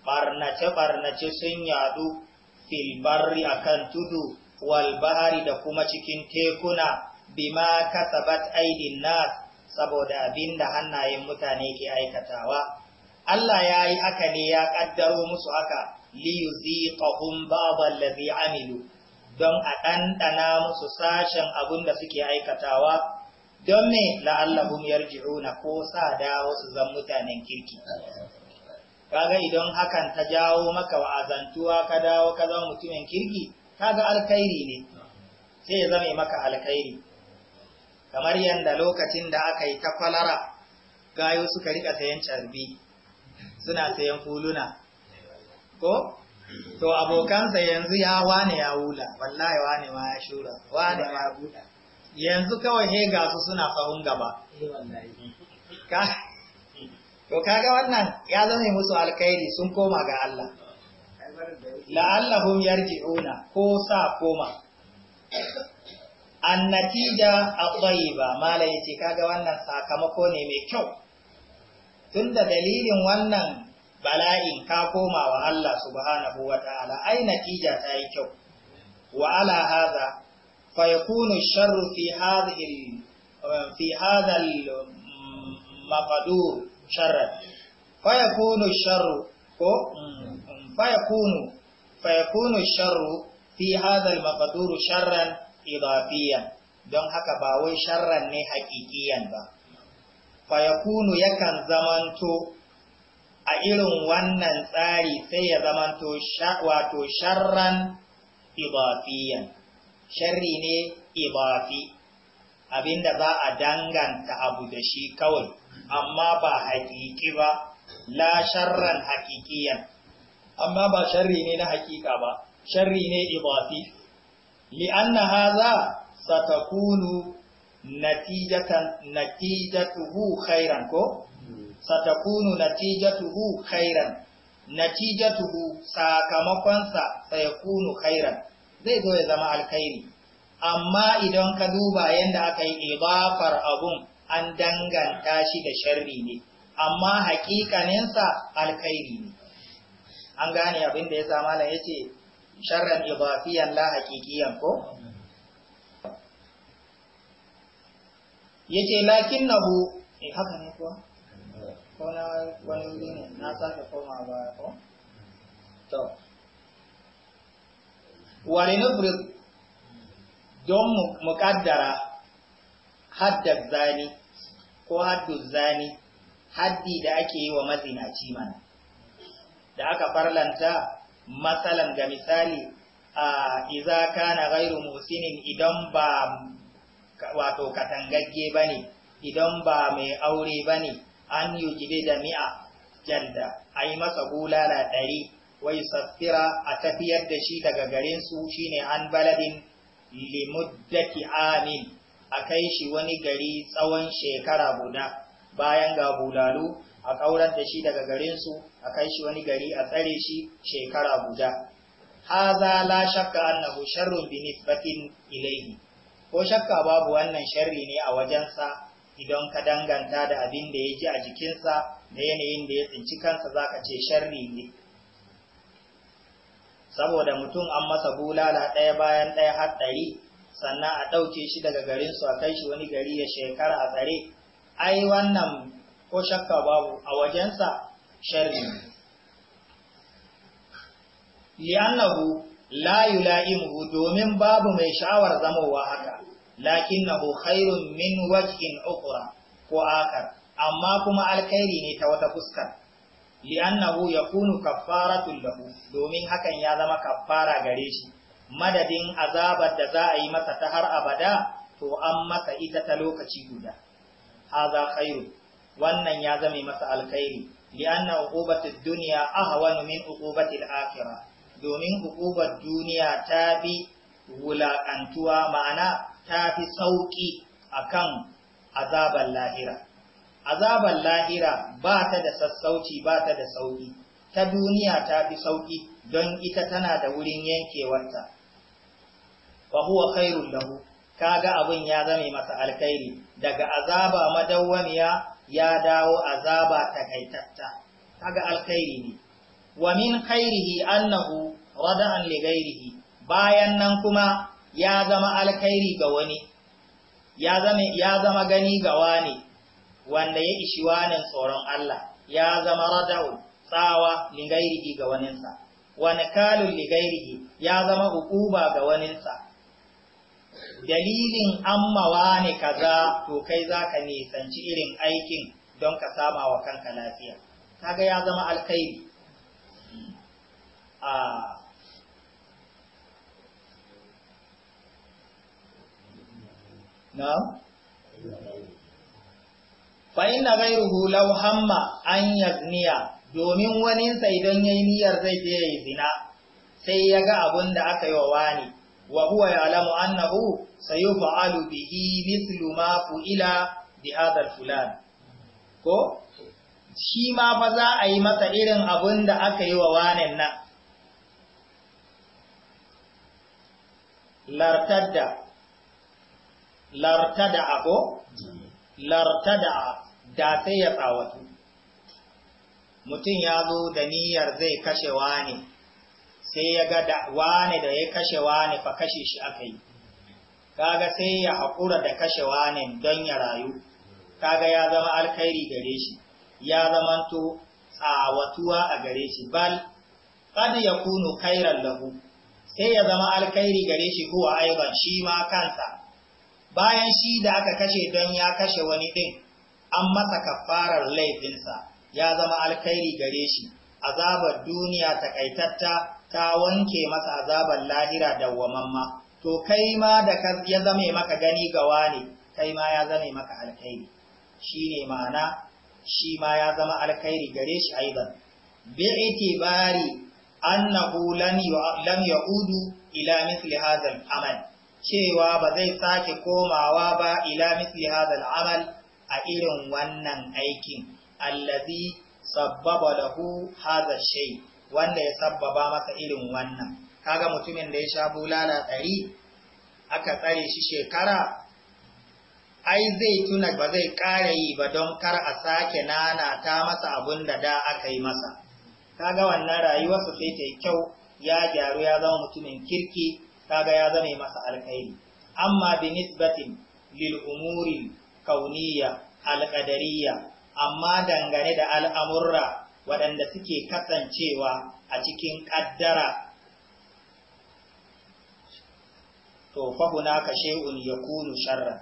barnace barnace sun yadu Filbarri a kan tudu Walbahari da kuma cikin tekuna bima kasabat aidin nas saboda abinda hannayen mutane ke aikatawa Allah ya yi aka ne ya ƙaddaro musu aka Babal ba'dal Zai amilu don a ɗanɗana musu sashen abin da suke aikatawa don me la'allahum yarji'una ko sa dawo su zan mutanen kirki kaga idan hakan ta jawo maka wa'azantuwa ka dawo ka zama mutumin kirki kaga alkhairi ne sai ya zame maka alkhairi kamar yadda lokacin da aka yi ta kwalara gayo suka riƙa sayan carbi suna sayan fuluna ko to abokansa yanzu ya wane ya wula. wallahi wane ma ya shura wane ma ya hula yanzu kawai he ga su suna sahun gaba eh, ka to kaga wannan ya zama musu alkhairi sun koma ga Allah la'allahum yarji'una ko sa koma a ba, tayyiba mala yace kaga wannan sakamako ne mai kyau tunda dalilin wannan bala'in ka koma wa Allah subhanahu wa ta'ala ai natija ta yi kyau wa ala haza fa sharru fi fi mm, ko fa fa fi sharran idafiyan don haka ba wai sharran ne hakikiyan ba fayakunu yakan zamanto a irin wannan tsari sai ya zamanto wato sharran ibafiyan sharri ne ibafi abinda za a danganta abu da shi kawai amma ba hakiki ba la sharran haƙiƙiyan amma ba sharri ne na hakika ba sharri ne ibafi li'anna haza satakunu natijatan natijatuhu khairan ko satakunu natijatuhu khairan natijatuhu sa sayakunu khairan zai zo ya zama alkhairi amma idan ka duba yadda aka yi ibafar abun an danganta shi da sharri ne amma haƙiƙaninsa alkhairi ne an gane abin da ya sa malam yace sharran ibafiyan la haqiqiyan ko ya ce lakin na hu e eh, haka ne kuwa ko na wani wuri ne na sake koma ba ko to wani nufri don muƙaddara haddar zani ko haddu zani haddi da ake yi wa mazinaci mana da aka farlanta matsalan ga misali a iza kana gairu musinin idan ba wato katangagge bane idan ba mai aure bane an yi da mi'a janda a yi masa bulala ɗari wai saffira a tafiyar da shi daga garinsu shine an baladin limuddaki amin a kai shi wani gari tsawon shekara guda bayan ga bulalu a kaurar da shi daga garinsu a kai shi wani gari a tsare shi shekara guda haza la shakka annahu sharrun bi nisbatin ilayhi ko shakka babu wannan sharri ne a wajensa idan ka danganta da abin da ya ji a jikinsa da yanayin da ya tsinci kansa za ka ce sharri ne saboda mutum an masa bulala ɗaya bayan ɗaya har ɗari sannan a ɗauke shi daga garinsu a kai shi wani gari ya shekara a tsare ai wannan ko shakka babu a wajensa sharri li'annahu la yula'imuhu domin babu mai sha'awar zamowa haka lakinnahu khairun min wajhin ukhra ko akar amma kuma alkhairi ne ta wata fuskar li'annahu yakunu kaffaratul lahu domin hakan ya zama kaffara gare shi madadin azabar da za a yi masa ta har abada to an masa ita ta lokaci guda haza khairu wannan ya zame masa alkhairi li'anna uqubatid dunya ahwanu min uqubatil akhirah domin hukumar duniya ta bi wulaƙantuwa ma'ana ta fi sauƙi a kan azabar lahira azabar lahira ba ta da sassauci ba ta da sauƙi ta duniya ta fi sauƙi don ita tana da wurin yankewarta fa huwa lahu kaga abin ya zame masa alkhairi daga azaba madawwamiya ya dawo azaba takaitatta kaga alkhairi ne wa min khairihi annahu rada'an li ghairihi bayan nan kuma ya zama alkhairi ga wani ya zama ya zama gani ga wani wanda ya ishi wani tsoron Allah ya zama rada'u tsawa li ghairihi ga waninsa wani li ghairihi ya zama hukuma ga waninsa dalilin amma wani kaza to kai za nisanci irin aikin don ka sama kanka lafiya kaga ya zama alkhairi a ah. na fa inna ghayruhu law hamma an domin waninsa idan yayi niyyar zai je yayi zina sai ya ga abin da aka yi wa wani wa huwa alamu annahu sayuf'alu bihi mithlu ma fu'ila bi hadha fulan ko shi ma fa za a yi masa irin abin da aka yi wa wanin nan lartadda lartada ako lartada da sai ya tsawatu mutum ya zo da niyyar zai kashe wani sai ya ga wani da ya kashe wani fa kashe shi aka yi kaga sai ya haƙura da kashe wani don ya rayu kaga ya zama alkhairi gare shi ya zamanto tsawatuwa a gare shi bal kad yakunu khairan lahu sai ya zama alkhairi gare shi ko aiban shi ma kansa bayan shi da aka kashe don ya kashe wani ɗin an masa kafarar laifinsa ya zama alkhairi gare shi azabar duniya takaitatta ta wanke masa azabar lahira dawwamamma to kai ma da ya zame maka gani gawa ne kai ma ya zame maka alkhairi shine ma'ana shi ma ya zama alkhairi gare shi aiban bi'itibari annahu lam lam ya'udu ila mithli hadha al-amal cewa ba zai sake komawa ba ila mithli hadha al-amal a irin wannan aikin allazi sabbaba lahu hadha shay wanda ya sabbaba masa irin wannan kaga mutumin da ya sha bulala ɗari aka tsare shi shekara ai zai tuna ba zai ƙara yi ba don kar a sake nana ta masa abun da da aka yi masa kaga wannan rayuwarsa sai ta yi kyau ya gyaru ya zama mutumin kirki kaga ya zama masa alkhairi amma bi nisbatin lil umuri kauniya alqadariya amma dangane da al'amurra waɗanda suke kasancewa a cikin ƙaddara to fahuna ka shay'un yakunu sharra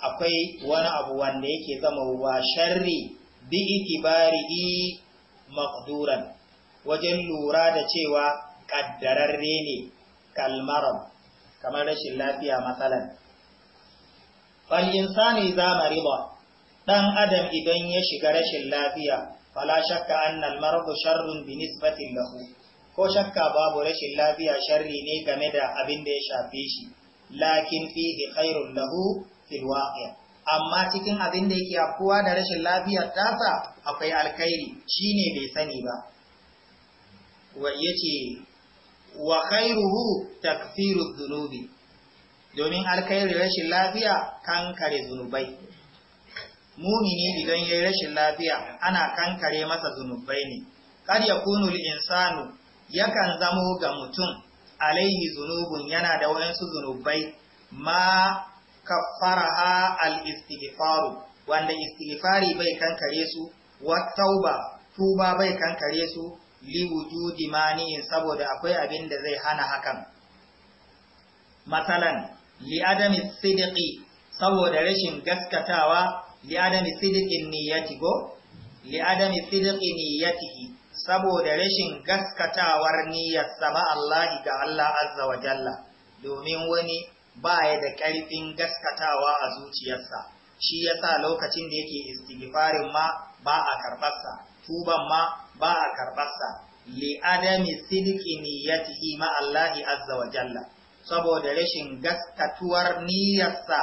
akwai wani abu wanda yake zama wa sharri bi itibari Makduran, wajen lura da cewa ƙaddararre ne kalmaram kamar rashin lafiya matsalan fal insani za mariba adam idan ya shiga rashin lafiya fala shakka anna al maradu sharrun bi nisbatin lahu ko shakka babu rashin lafiya sharri ne game da abin da ya shafe shi lakin fihi khairun lahu fil waqi' amma cikin abin da yake afkuwa da rashin lafiyar tasa akwai alkhairi Shi ne bai sani ba wa yace wa khairuhu takfiru dhunubi domin alkhairi rashin lafiya kankare zunubai mumini idan yayi rashin lafiya ana kankare masa zunubai ne kad yakunu insanu yakan zamo ga mutum alaihi zunubun yana da wayansu zunubai ma kaffaraha al istighfar wanda istighfari bai kankare su ta'uba tuba bai kankare su li wujudi mani saboda akwai abin da zai hana hakan masalan li adami sidqi saboda rashin gaskatawa li adami sidqin niyyati go li adami sidqi niyyatihi saboda rashin gaskatawar niyyar sama Allah ga Allah azza wa jalla domin wani ba ya da ƙarfin gaskatawa a zuciyarsa shi yasa lokacin da yake istighfarin ma ba a karɓarsa tuban ma ba a karɓarsa li'adami sidiki niyyatihi ma Allahi azza wa jalla saboda rashin gaskatuwar niyyarsa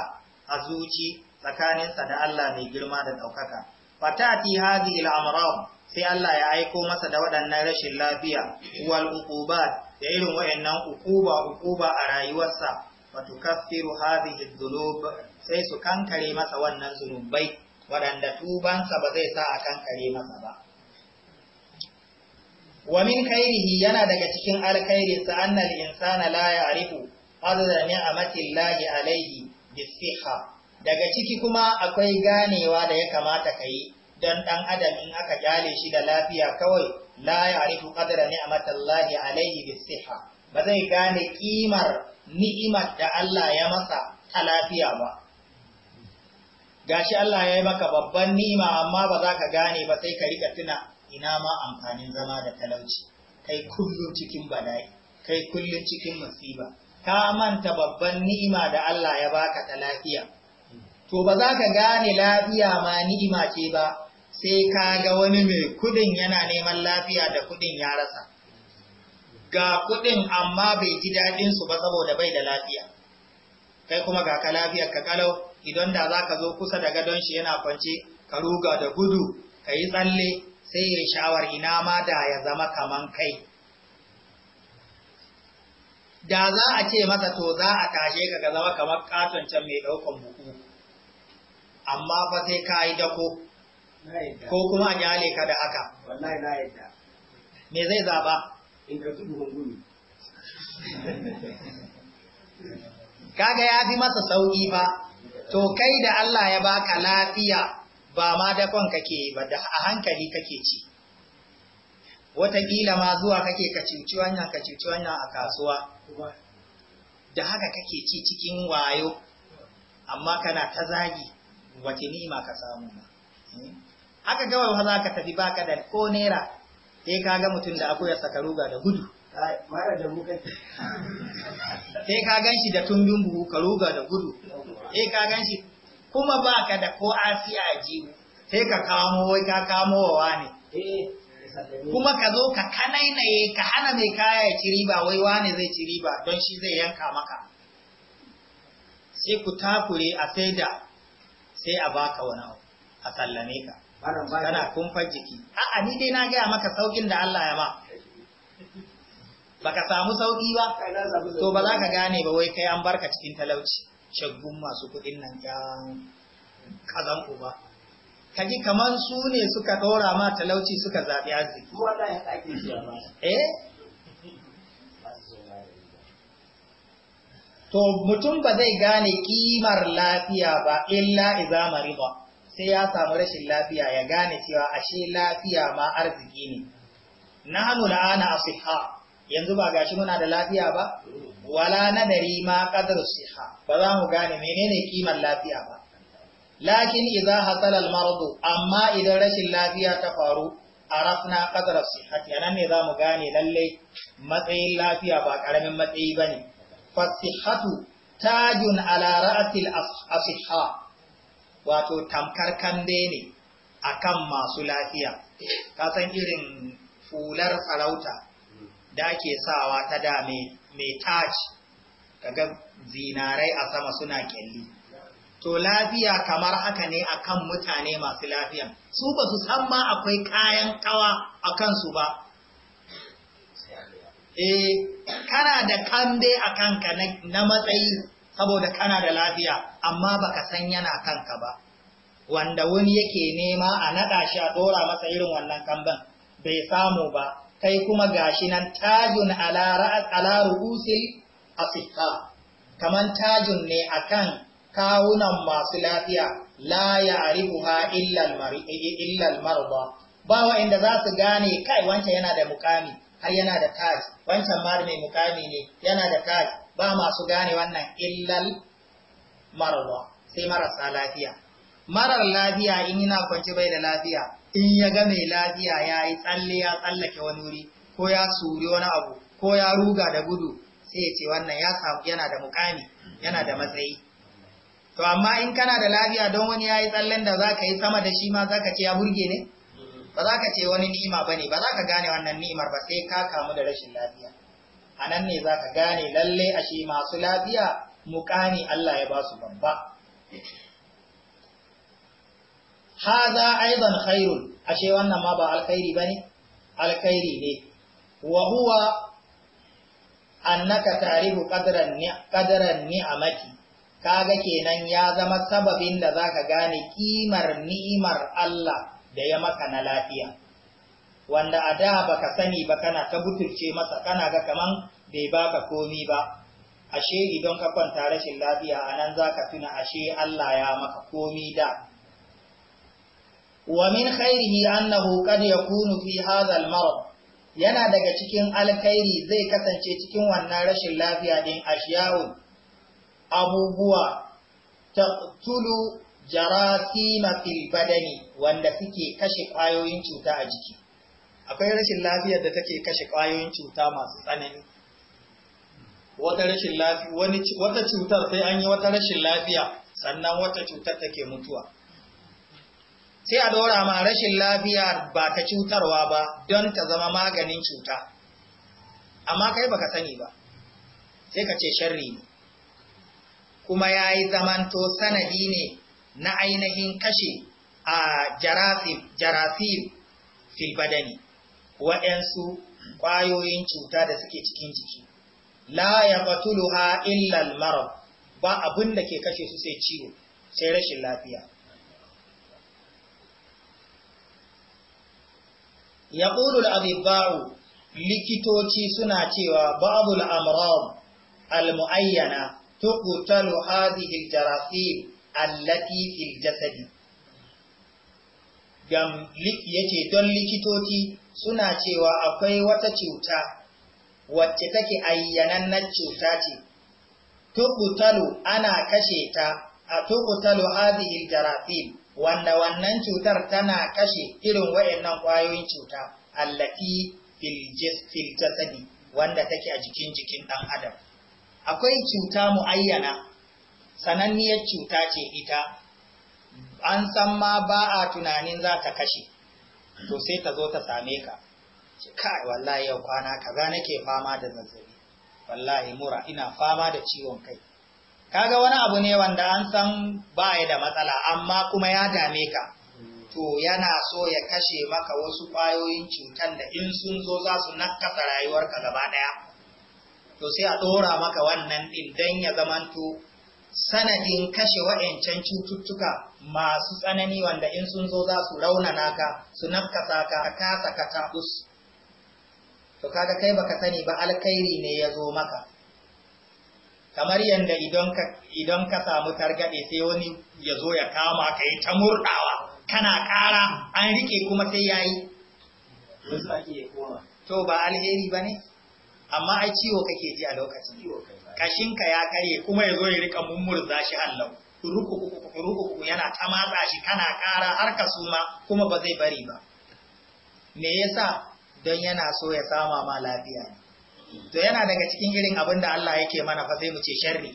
a zuci tsakaninsa da Allah mai girma da ɗaukaka fatati hadi al sai Allah ya aiko masa da waɗannan rashin lafiya wal uqubat da irin waɗannan uquba uquba a rayuwarsa wa tukaffiru hadhihi dhunub sai su kankare masa wannan zunubai waɗanda tubansa ba zai sa a kankare masa ba wa min khairihi yana daga cikin alkhairinsa annal insana la ya'rifu qadra ni'amati llahi alayhi bisiha daga ciki kuma akwai ganewa da ya kamata kai don dan adam in aka jale shi da lafiya kawai la ya'rifu qadra ni'amati llahi alayhi bisiha ba zai gane kimar ni'imar da Allah ya masa ta lafiya ba. Gashi Allah ya yi maka babban ni'ima amma ba za ka gane ba sai ka riƙa tuna ina ma amfanin zama da talauci, kai kullum cikin bala'i, kai kullum cikin musiba, ka manta babban ni'ima da Allah ya baka ta lafiya. To ba za ka gane lafiya ma ni'ima ce ba sai ka ga wani mai kudin yana neman lafiya da kudin ya rasa. ga kuɗin amma bai ji su ba saboda bai da lafiya kai kuma ga ka lafiyar ka kalau idan da za ka zo kusa da gadon shi yana kwance ka ruga da gudu ka yi tsalle sai ya shawar ina ma da ya zama kaman kai da za a ce masa to za a tashe ka ga zama kamar katon can mai daukan buku amma fa sai ka yi dako ko kuma a ka da haka me zai zaba ka kaga ya fi masa sauki ba to kai da Allah ya baka lafiya ba ma dakon kake ba da a hankali kake ci wataƙila ma zuwa kake ka wannan ka wannan a kasuwa da haka kake ci cikin wayo amma kana ta zagi wace ni'ima ka samu ba hmm? haka gawar za ka tafi baka da ko naira sai ka ga mutum da akwai ruga da gudu sai ka gan shi da tumbin buhu ruga da gudu sai ka gan shi kuma ba ka da ko asiya a jiwu sai ka kamo wai ka kamo wa wane eh, kuma ka zo ka kanainaye ka hana mai kaya ya ci riba wai wane zai ci riba don shi zai yanka maka sai ku takure a sai da sai a baka wani a sallame ka kana kumfar jiki a'a ni dai na gaya maka saukin da Allah ya ma baka samu sauki ba to ba za ka gane ba wai kai an barka cikin talauci shaggun masu kuɗin nan yan kazan uba kaji kamar su ne suka ɗora ma talauci suka zaɓi arziki eh to mutum ba zai gane kimar lafiya ba illa iza mariba sai ya samu rashin lafiya ya gane cewa ashe lafiya ma arziki ne nahnu ana asiha yanzu ba gashi muna da lafiya ba wala nadari ma qadru siha ba za mu gane menene kimar lafiya ba lakin idza hasala al amma idan rashin lafiya ta faru arafna qadra sihhati anan ne mu gane lalle matsayin lafiya ba karamin matsayi bane fasihhatu tajun ala ra'sil asihha wato tamkar kambe ne akan masu lafiya kasan irin fular sarauta da ake sawa ta da mai taci kaga zinarai a sama suna kyalli to lafiya kamar haka ne akan mutane masu lafiya su ba su san ma akwai kayan kawa a kansu ba eh kana da kambe a kanka na matsayi saboda kana da lafiya amma baka san yana kanka ba wanda wani yake nema a naɗa shi a dora masa irin wannan kamban bai samu ba kai kuma gashi nan tajun ala ru'usil asiha kaman tajun ne akan kawunan masu lafiya la ya'rifuha illa illal marda ba wa'inda za su gane kai wancan yana da mukami har yana da taj wancan ma mai mukami ne yana da taj ba masu gane wannan illal marwa sai marasa lafiya marar lafiya in yana kwance bai da lafiya in ya ga mai lafiya ya yi tsalle ya tsallake wani wuri ko ya suri wani abu ko ya ruga da gudu sai ya ce wannan ya samu yana da mukami yana da matsayi to amma in kana da lafiya don wani ya yi tsallen da za ka yi sama da shi ma za ka ce ya burge ne ba za ka ce wani ni'ima ba ne ba za ka gane wannan ni'imar ba sai ka kamu da rashin lafiya a nan ne za ka gane lalle ashe masu lafiya muƙani Allah ya ba su babba haza zan khairun ashe wannan ma ba alkhairi ne? alkhairi ne wa huwa annaka tarihu qadran ni qadran ni'amati kaga kenan ya zama sababin da zaka gane ƙimar ni'imar Allah da ya maka na lafiya wanda a da baka sani ba kana ta butulce masa kana ga kaman bai baka komi ba ashe idan ka kwanta rashin lafiya a nan za ka tuna ashe Allah ya maka komi da wa min khairihi annahu qad yakunu fi hadha al-marad yana daga cikin alkhairi zai kasance cikin wannan rashin lafiya din ashiya'un abubuwa taqtulu jarasima fil badani wanda suke kashe kwayoyin cuta a jiki akwai rashin lafiyar da take kashe kwayoyin cuta masu tsanani wata rashin lafiya wata cutar sai an yi wata rashin lafiya sannan wata cutar take mutuwa sai a dora ma rashin lafiya ba ta cutarwa ba don ta zama maganin cuta amma kai baka sani ba sai ka ce sharri ne kuma ya yi zamanto sanadi ne na ainihin kashe a jarasif jarasif filbadani waɗansu ƙwayoyin cuta da suke cikin jiki la ya batuluha illal marab ba abin da ke kashe su sai ciwo sai rashin lafiya ya ƙulul abibba'u likitoci suna cewa ba'abul amram al-mu'ayyana tuqtalu hadhihi al jarafi allati fil jasadi gam yace don likitoci suna cewa akwai wata cuta wacce take na cuta ce tuqtalu ana kashe ta a tuqtalu hadhihi al wanda wannan cutar tana kashe irin wayannan kwayoyin cuta allati fil fil wanda take a jikin jikin dan adam akwai cuta muayyana sananniyar cuta ce ita an san ma ba a tunanin za ta kashe to sai ta zo ta same ka kai wallahi yau kwana kaza nake fama da zazzabi wallahi mura ina fama da ciwon kai kaga wani abu ne wanda an san baya da matsala amma kuma ya dame ka to yana so ya kashe maka wasu ƙwayoyin cutan da in sun zo za su nakasa rayuwarka gaba ɗaya to sai a ɗora maka wannan ɗin don ya zamanto sanadin kashe wa'yancan cututtuka masu tsanani wanda in sun zo za su raunana ka su nafkasa ka a kasa ka taɓus to kaga kai baka sani ba alkhairi ne ya zo maka kamar yadda idan ka samu targaɗe sai wani ya zo ya kama ka yi ta murɗawa kana ƙara an riƙe kuma sai ya yi to ba alheri ba ne amma ai ciwo kake ji a lokacin kashinka ya kare kuma ya zo ya rika mummurza shi hallau ku yana ta matsa shi kana kara har ka suma kuma ba zai bari ba me yasa don yana so ya sama ma lafiya to yana daga cikin irin abin da Allah yake mana fa sai mu ce sharri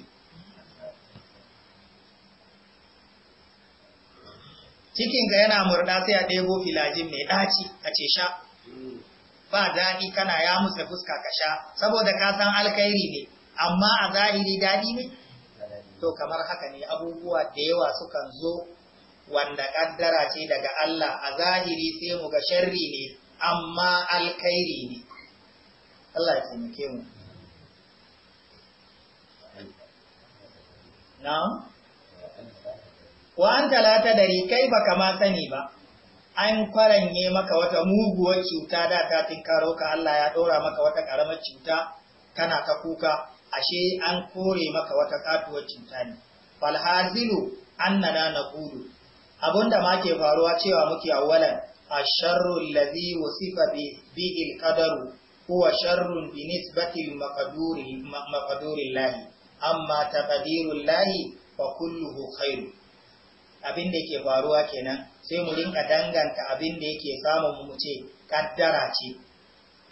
cikinka yana murda sai a ɗebo filajin mai ɗaci a ce sha ba daɗi kana ya musa fuska ka sha saboda ka san alkhairi ne amma a zahiri daɗi ne to kamar haka ne abubuwa da yawa sukan zo wanda ƙaddara ce daga Allah a zahiri sai mu ga sharri ne amma alkhairi ne Allah ya taimake mu na'am wa an talata dari kai ba kama sani ba an kwaranye maka wata muguwar cuta da ta tinkaro ka Allah ya ɗora maka wata ƙaramar cuta tana ta kuka ashe an kore maka wata katuwar cinta ne falhazilu annana naqulu abunda ma ke faruwa cewa muke a asharru allazi wasifa bi bil qadaru huwa sharrun bi nisbati maqduri maqduri llahi amma taqdiru llahi fa kulluhu khairu abin da yake faruwa kenan sai mu rinka danganta abin da yake samun mu ce kaddara ce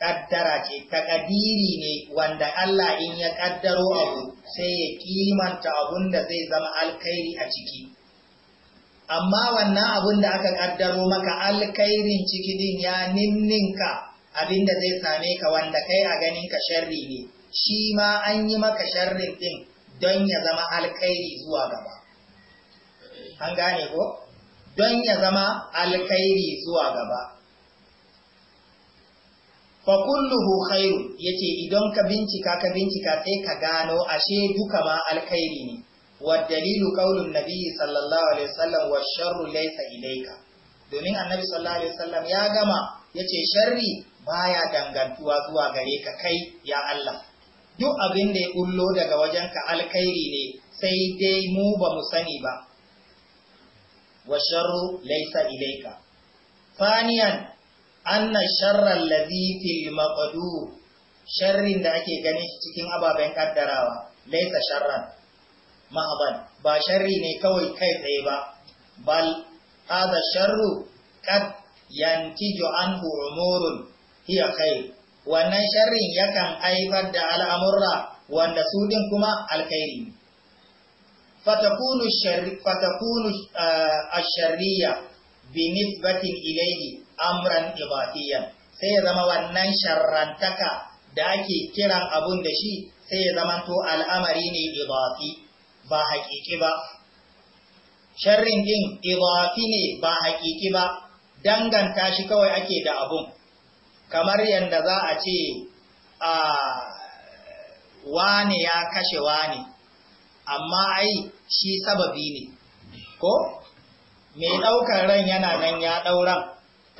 kaddara ce ka kadiri ne wanda Allah in ya kaddaro abu sai ya kimanta abun da zai zama alkhairi a ciki amma wannan abun da aka kaddaro maka alkhairin ciki din ya ninninka abinda zai same ka wanda kai a ganin ka sharri ne shi ma an yi maka sharrin din don ya zama alkhairi zuwa gaba an gane ko don ya zama alkhairi zuwa gaba fa kulluhu khairu yace idan ka bincika ka bincika sai ka gano ashe duka ma alkhairi ne wa dalilu qaulun nabiyyi sallallahu alaihi wasallam wa sharru laysa ilayka domin annabi sallallahu alaihi wasallam ya gama yace sharri baya dangantuwa zuwa gare ka kai ya Allah duk abin da ya bullo daga wajenka alkhairi ne sai dai mu ba mu sani ba wa sharru laysa ilayka faniyan anna sharral ladhi fil sharrin da ake ganin cikin ababen kaddarawa laisa sharran mahaban ba sharri ne kawai kai tsaye ba bal hadha sharru qad an anhu umurun hiya kai. wannan sharrin yakan haifar da al'amurra wanda su din kuma alkhairi ne fatakunu ah, ash-sharriya bi nisbatin ilayhi amran ibadiyan sai ya zama wannan sharrantaka da ake kiran abun da shi sai ya zama to al'amari ne ibafi ba haƙiƙi ba sharrin din ibafi ne ba haƙiƙi ba danganta shi kawai ake da abun kamar yadda za a ce a wane ya kashe wane amma ai shi sababi ne ko mai ɗaukar ran yana nan ya ɗauran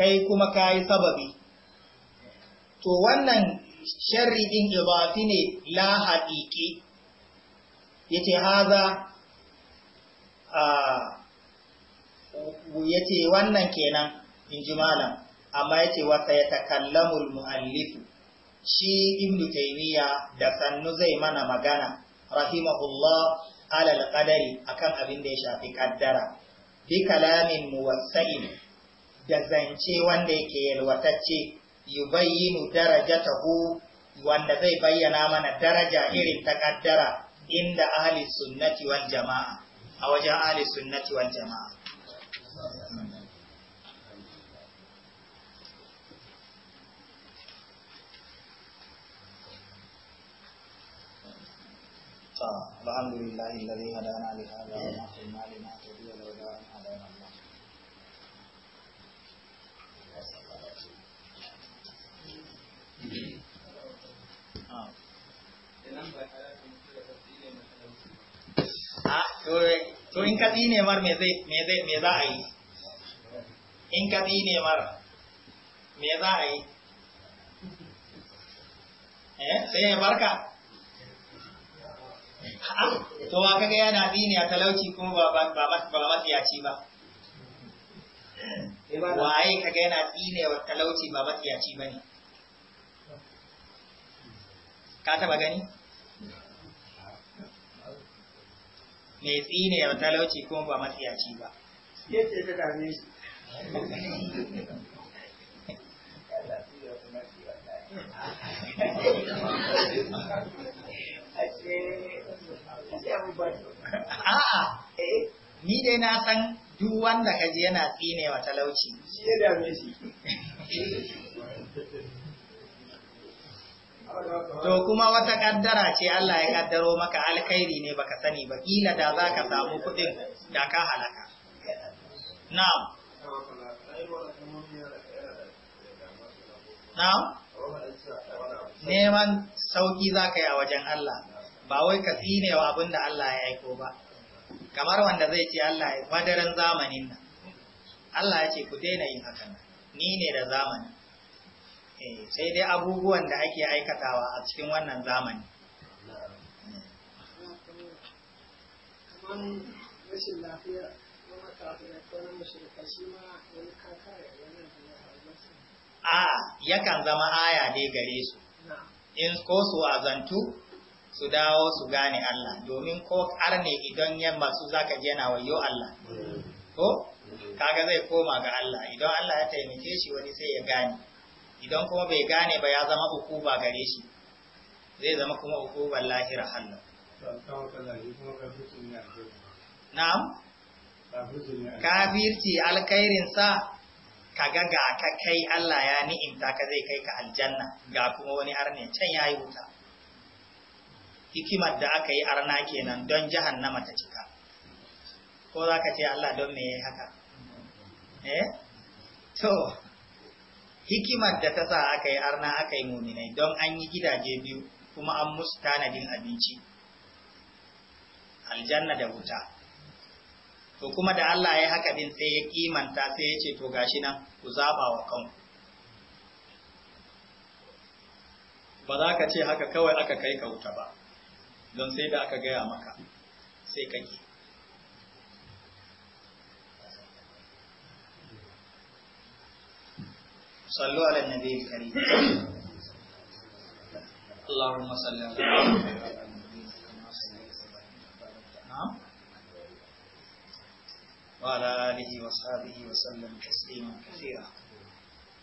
kai kuma kayi sababi to wannan sharri ɗin ibafi ne la haƙiƙi ya ce haza ya ce wannan kenan in ji malam amma ya ce wasa ya takallamul mu'allifu shi ibnu taymiya da sannu zai mana magana rahimahullah alal qadari akan abin da ya shafi ƙaddara. bi kalamin muwassa'in da zance wanda yake yalwatacce yubayyinu darajatahu wanda zai bayyana mana daraja irin ta kaddara inda ahli sunnati wal jama'a a wajen ahli sunnati wal jama'a الحمد لله الذي هدانا لهذا to in ka tsine mar me zai me zai me za a yi in ka tsine mar me za a yi eh sai ya barka to wa kaga yana tsine a talauci kuma ba ba ba ba mafiyaci ba waye kaga yana tsine wa talauci ba mafiyaci bane ka taba gani mai tsine wa talauci kuma ba matsiyaci ba yace ta dame shi A'a, eh? ni dai na san duk wanda kaji yana tsine wa talauci. Shi ya dame shi. *laughs* To kuma wata kaddara ce Allah ya kaddaro maka alkhairi ne baka sani ba, kila da za ka samu kuɗin da ka halaka. Na'am. Na'am? Neman sauki za ka yi a wajen Allah, ba wai ka tsine wa abin da Allah ya aiko ba, kamar wanda zai ce Allah ya Madaran zamanin nan. Allah ya ce ku daina yin hakan, ni ne da zamanin. Eh, sai dai abubuwan da ake aikatawa a cikin wannan zamani a yakan zama aya dai gare su in ko su azantu su dawo su gane Allah domin ko ne idan yamma su zaka je wayo Allah mm. ko kaga zai koma ga Allah idan Allah ya taimake shi wani sai ya gane idan kuma bai gane ba ya zama uku ba gare shi zai zama kuma uku ba lahira hannu na'am kafirci sa ka ga ga ka kai Allah ya ni'imta ka zai kai ka aljanna ga kuma wani arne can yayi wuta hikimar da aka yi arna kenan don jahannama ta cika ko za ka ce Allah don me haka eh to hikimar da ta sa aka yi arna aka yi muminai don an yi gidaje biyu kuma an musu tanadin abinci aljanna da wuta to kuma da Allah ya haka din sai ya kimanta sai ya ce to gashi nan ku zaba wa kanku ba za ka ce haka kawai aka kai ka wuta ba don sai da aka gaya maka sai kake صلوا على النبي الكريم اللهم صل على نعم. وعلى آله وصحبه وسلم تسليما كثيرا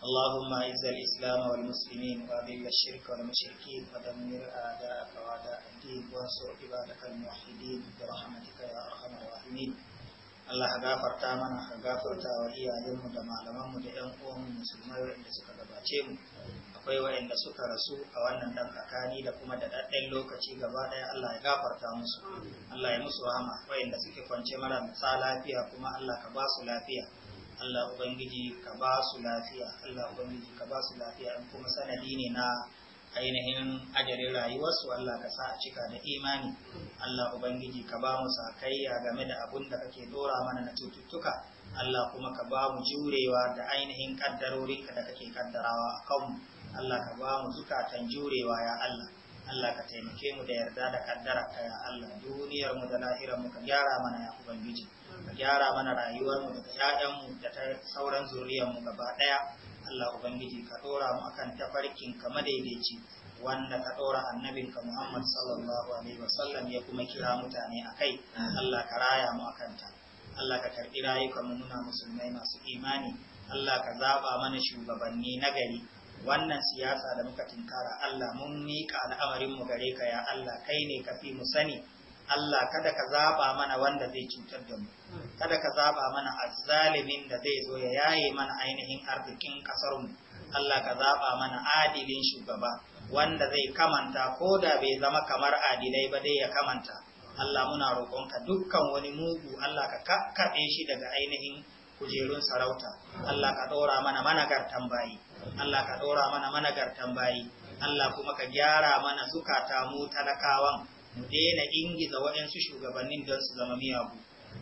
اللهم اعز الاسلام والمسلمين واذل الشرك والمشركين ودمر اعداءك واعداء الدين وانصر عبادك الموحدين برحمتك يا ارحم الراحمين Allah ka gafarta mana ka gafarta wa iyayenmu da malaman mu da ƴan uwanmu musulmai waɗanda suka gabace mu akwai waɗanda suka rasu a wannan dan kakani da kuma da ɗaɗɗen lokaci gaba ɗaya Allah ya gafarta musu Allah ya musu rahama waɗanda suke kwance mara sa lafiya kuma Allah ka ba su lafiya Allah ubangiji ka ba su lafiya Allah ubangiji ka ba su lafiya kuma sanadi ne na ainihin ajalin rayuwarsu Allah ka sa a cika da imani Allah ubangiji ka ba mu sakayya game da abun da kake dora mana na cututtuka Allah kuma ka ba mu jurewa da ainihin ƙaddarorinka da kake kaddarawa a kanmu Allah ka ba mu zukatan jurewa ya Allah Allah ka taimake mu da yarda da kaddara ka ya Allah duniyar mu da lahirar mu ka gyara mana ya ubangiji ka gyara mana rayuwar mu da ta mu da sauran zuriyar mu gaba ɗaya Allah Ubangiji ka ɗora mu akan tafarkin ka madaidaici wanda ka ɗora annabinka Muhammad sallallahu alaihi wasallam ya kuma kira mutane a kai Allah ka raya mu akan ta Allah ka karɓi rayukan mu muna musulmai masu imani Allah ka zaba mana shugabanni na gari wannan siyasa da muka tinkara Allah mun miƙa al'amarin mu gare ka ya Allah kai ne ka fi mu sani Allah kada ka zaba mana wanda zai cutar da mu kada ka zaba mana azzalimin da zai zo ya yaye mana ainihin arzikin kasar mu Allah ka zaba mana adilin shugaba wanda zai kamanta ko da bai zama kamar adilai ba dai ya kamanta Allah muna roƙonka dukkan wani mugu Allah ka kakkaɓe shi daga ainihin kujerun sarauta Allah ka ɗora mana managartan bayi Allah ka ɗora mana managartan bayi Allah kuma ka gyara mana zukata mu talakawan mu daina ingiza waɗansu shugabannin don su zama miyagu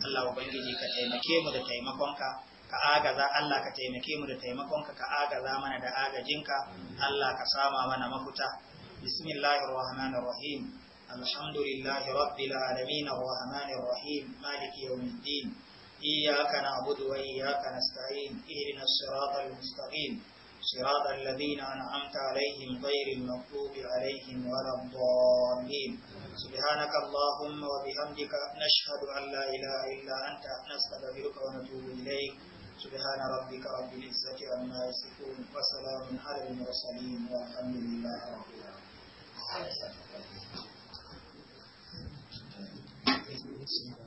Allah ubangiji ka taimake mu da taimakonka ka agaza Allah ka taimake mu da taimakonka ka agaza mana da agajinka Allah ka sama mana mafuta bismillahir rahmanir rahim alhamdulillahi rabbil alamin arrahmanir rahim maliki yawmiddin iyyaka na'budu wa iyyaka nasta'in ihdinas siratal mustaqim صراط الذين أنعمت عليهم غير المغضوب عليهم ولا الضالين سبحانك اللهم وبحمدك نشهد أن لا إله إلا أنت نستغفرك ونتوب إليك سبحان ربك رب العزة عما يصفون وسلام على المرسلين والحمد لله رب العالمين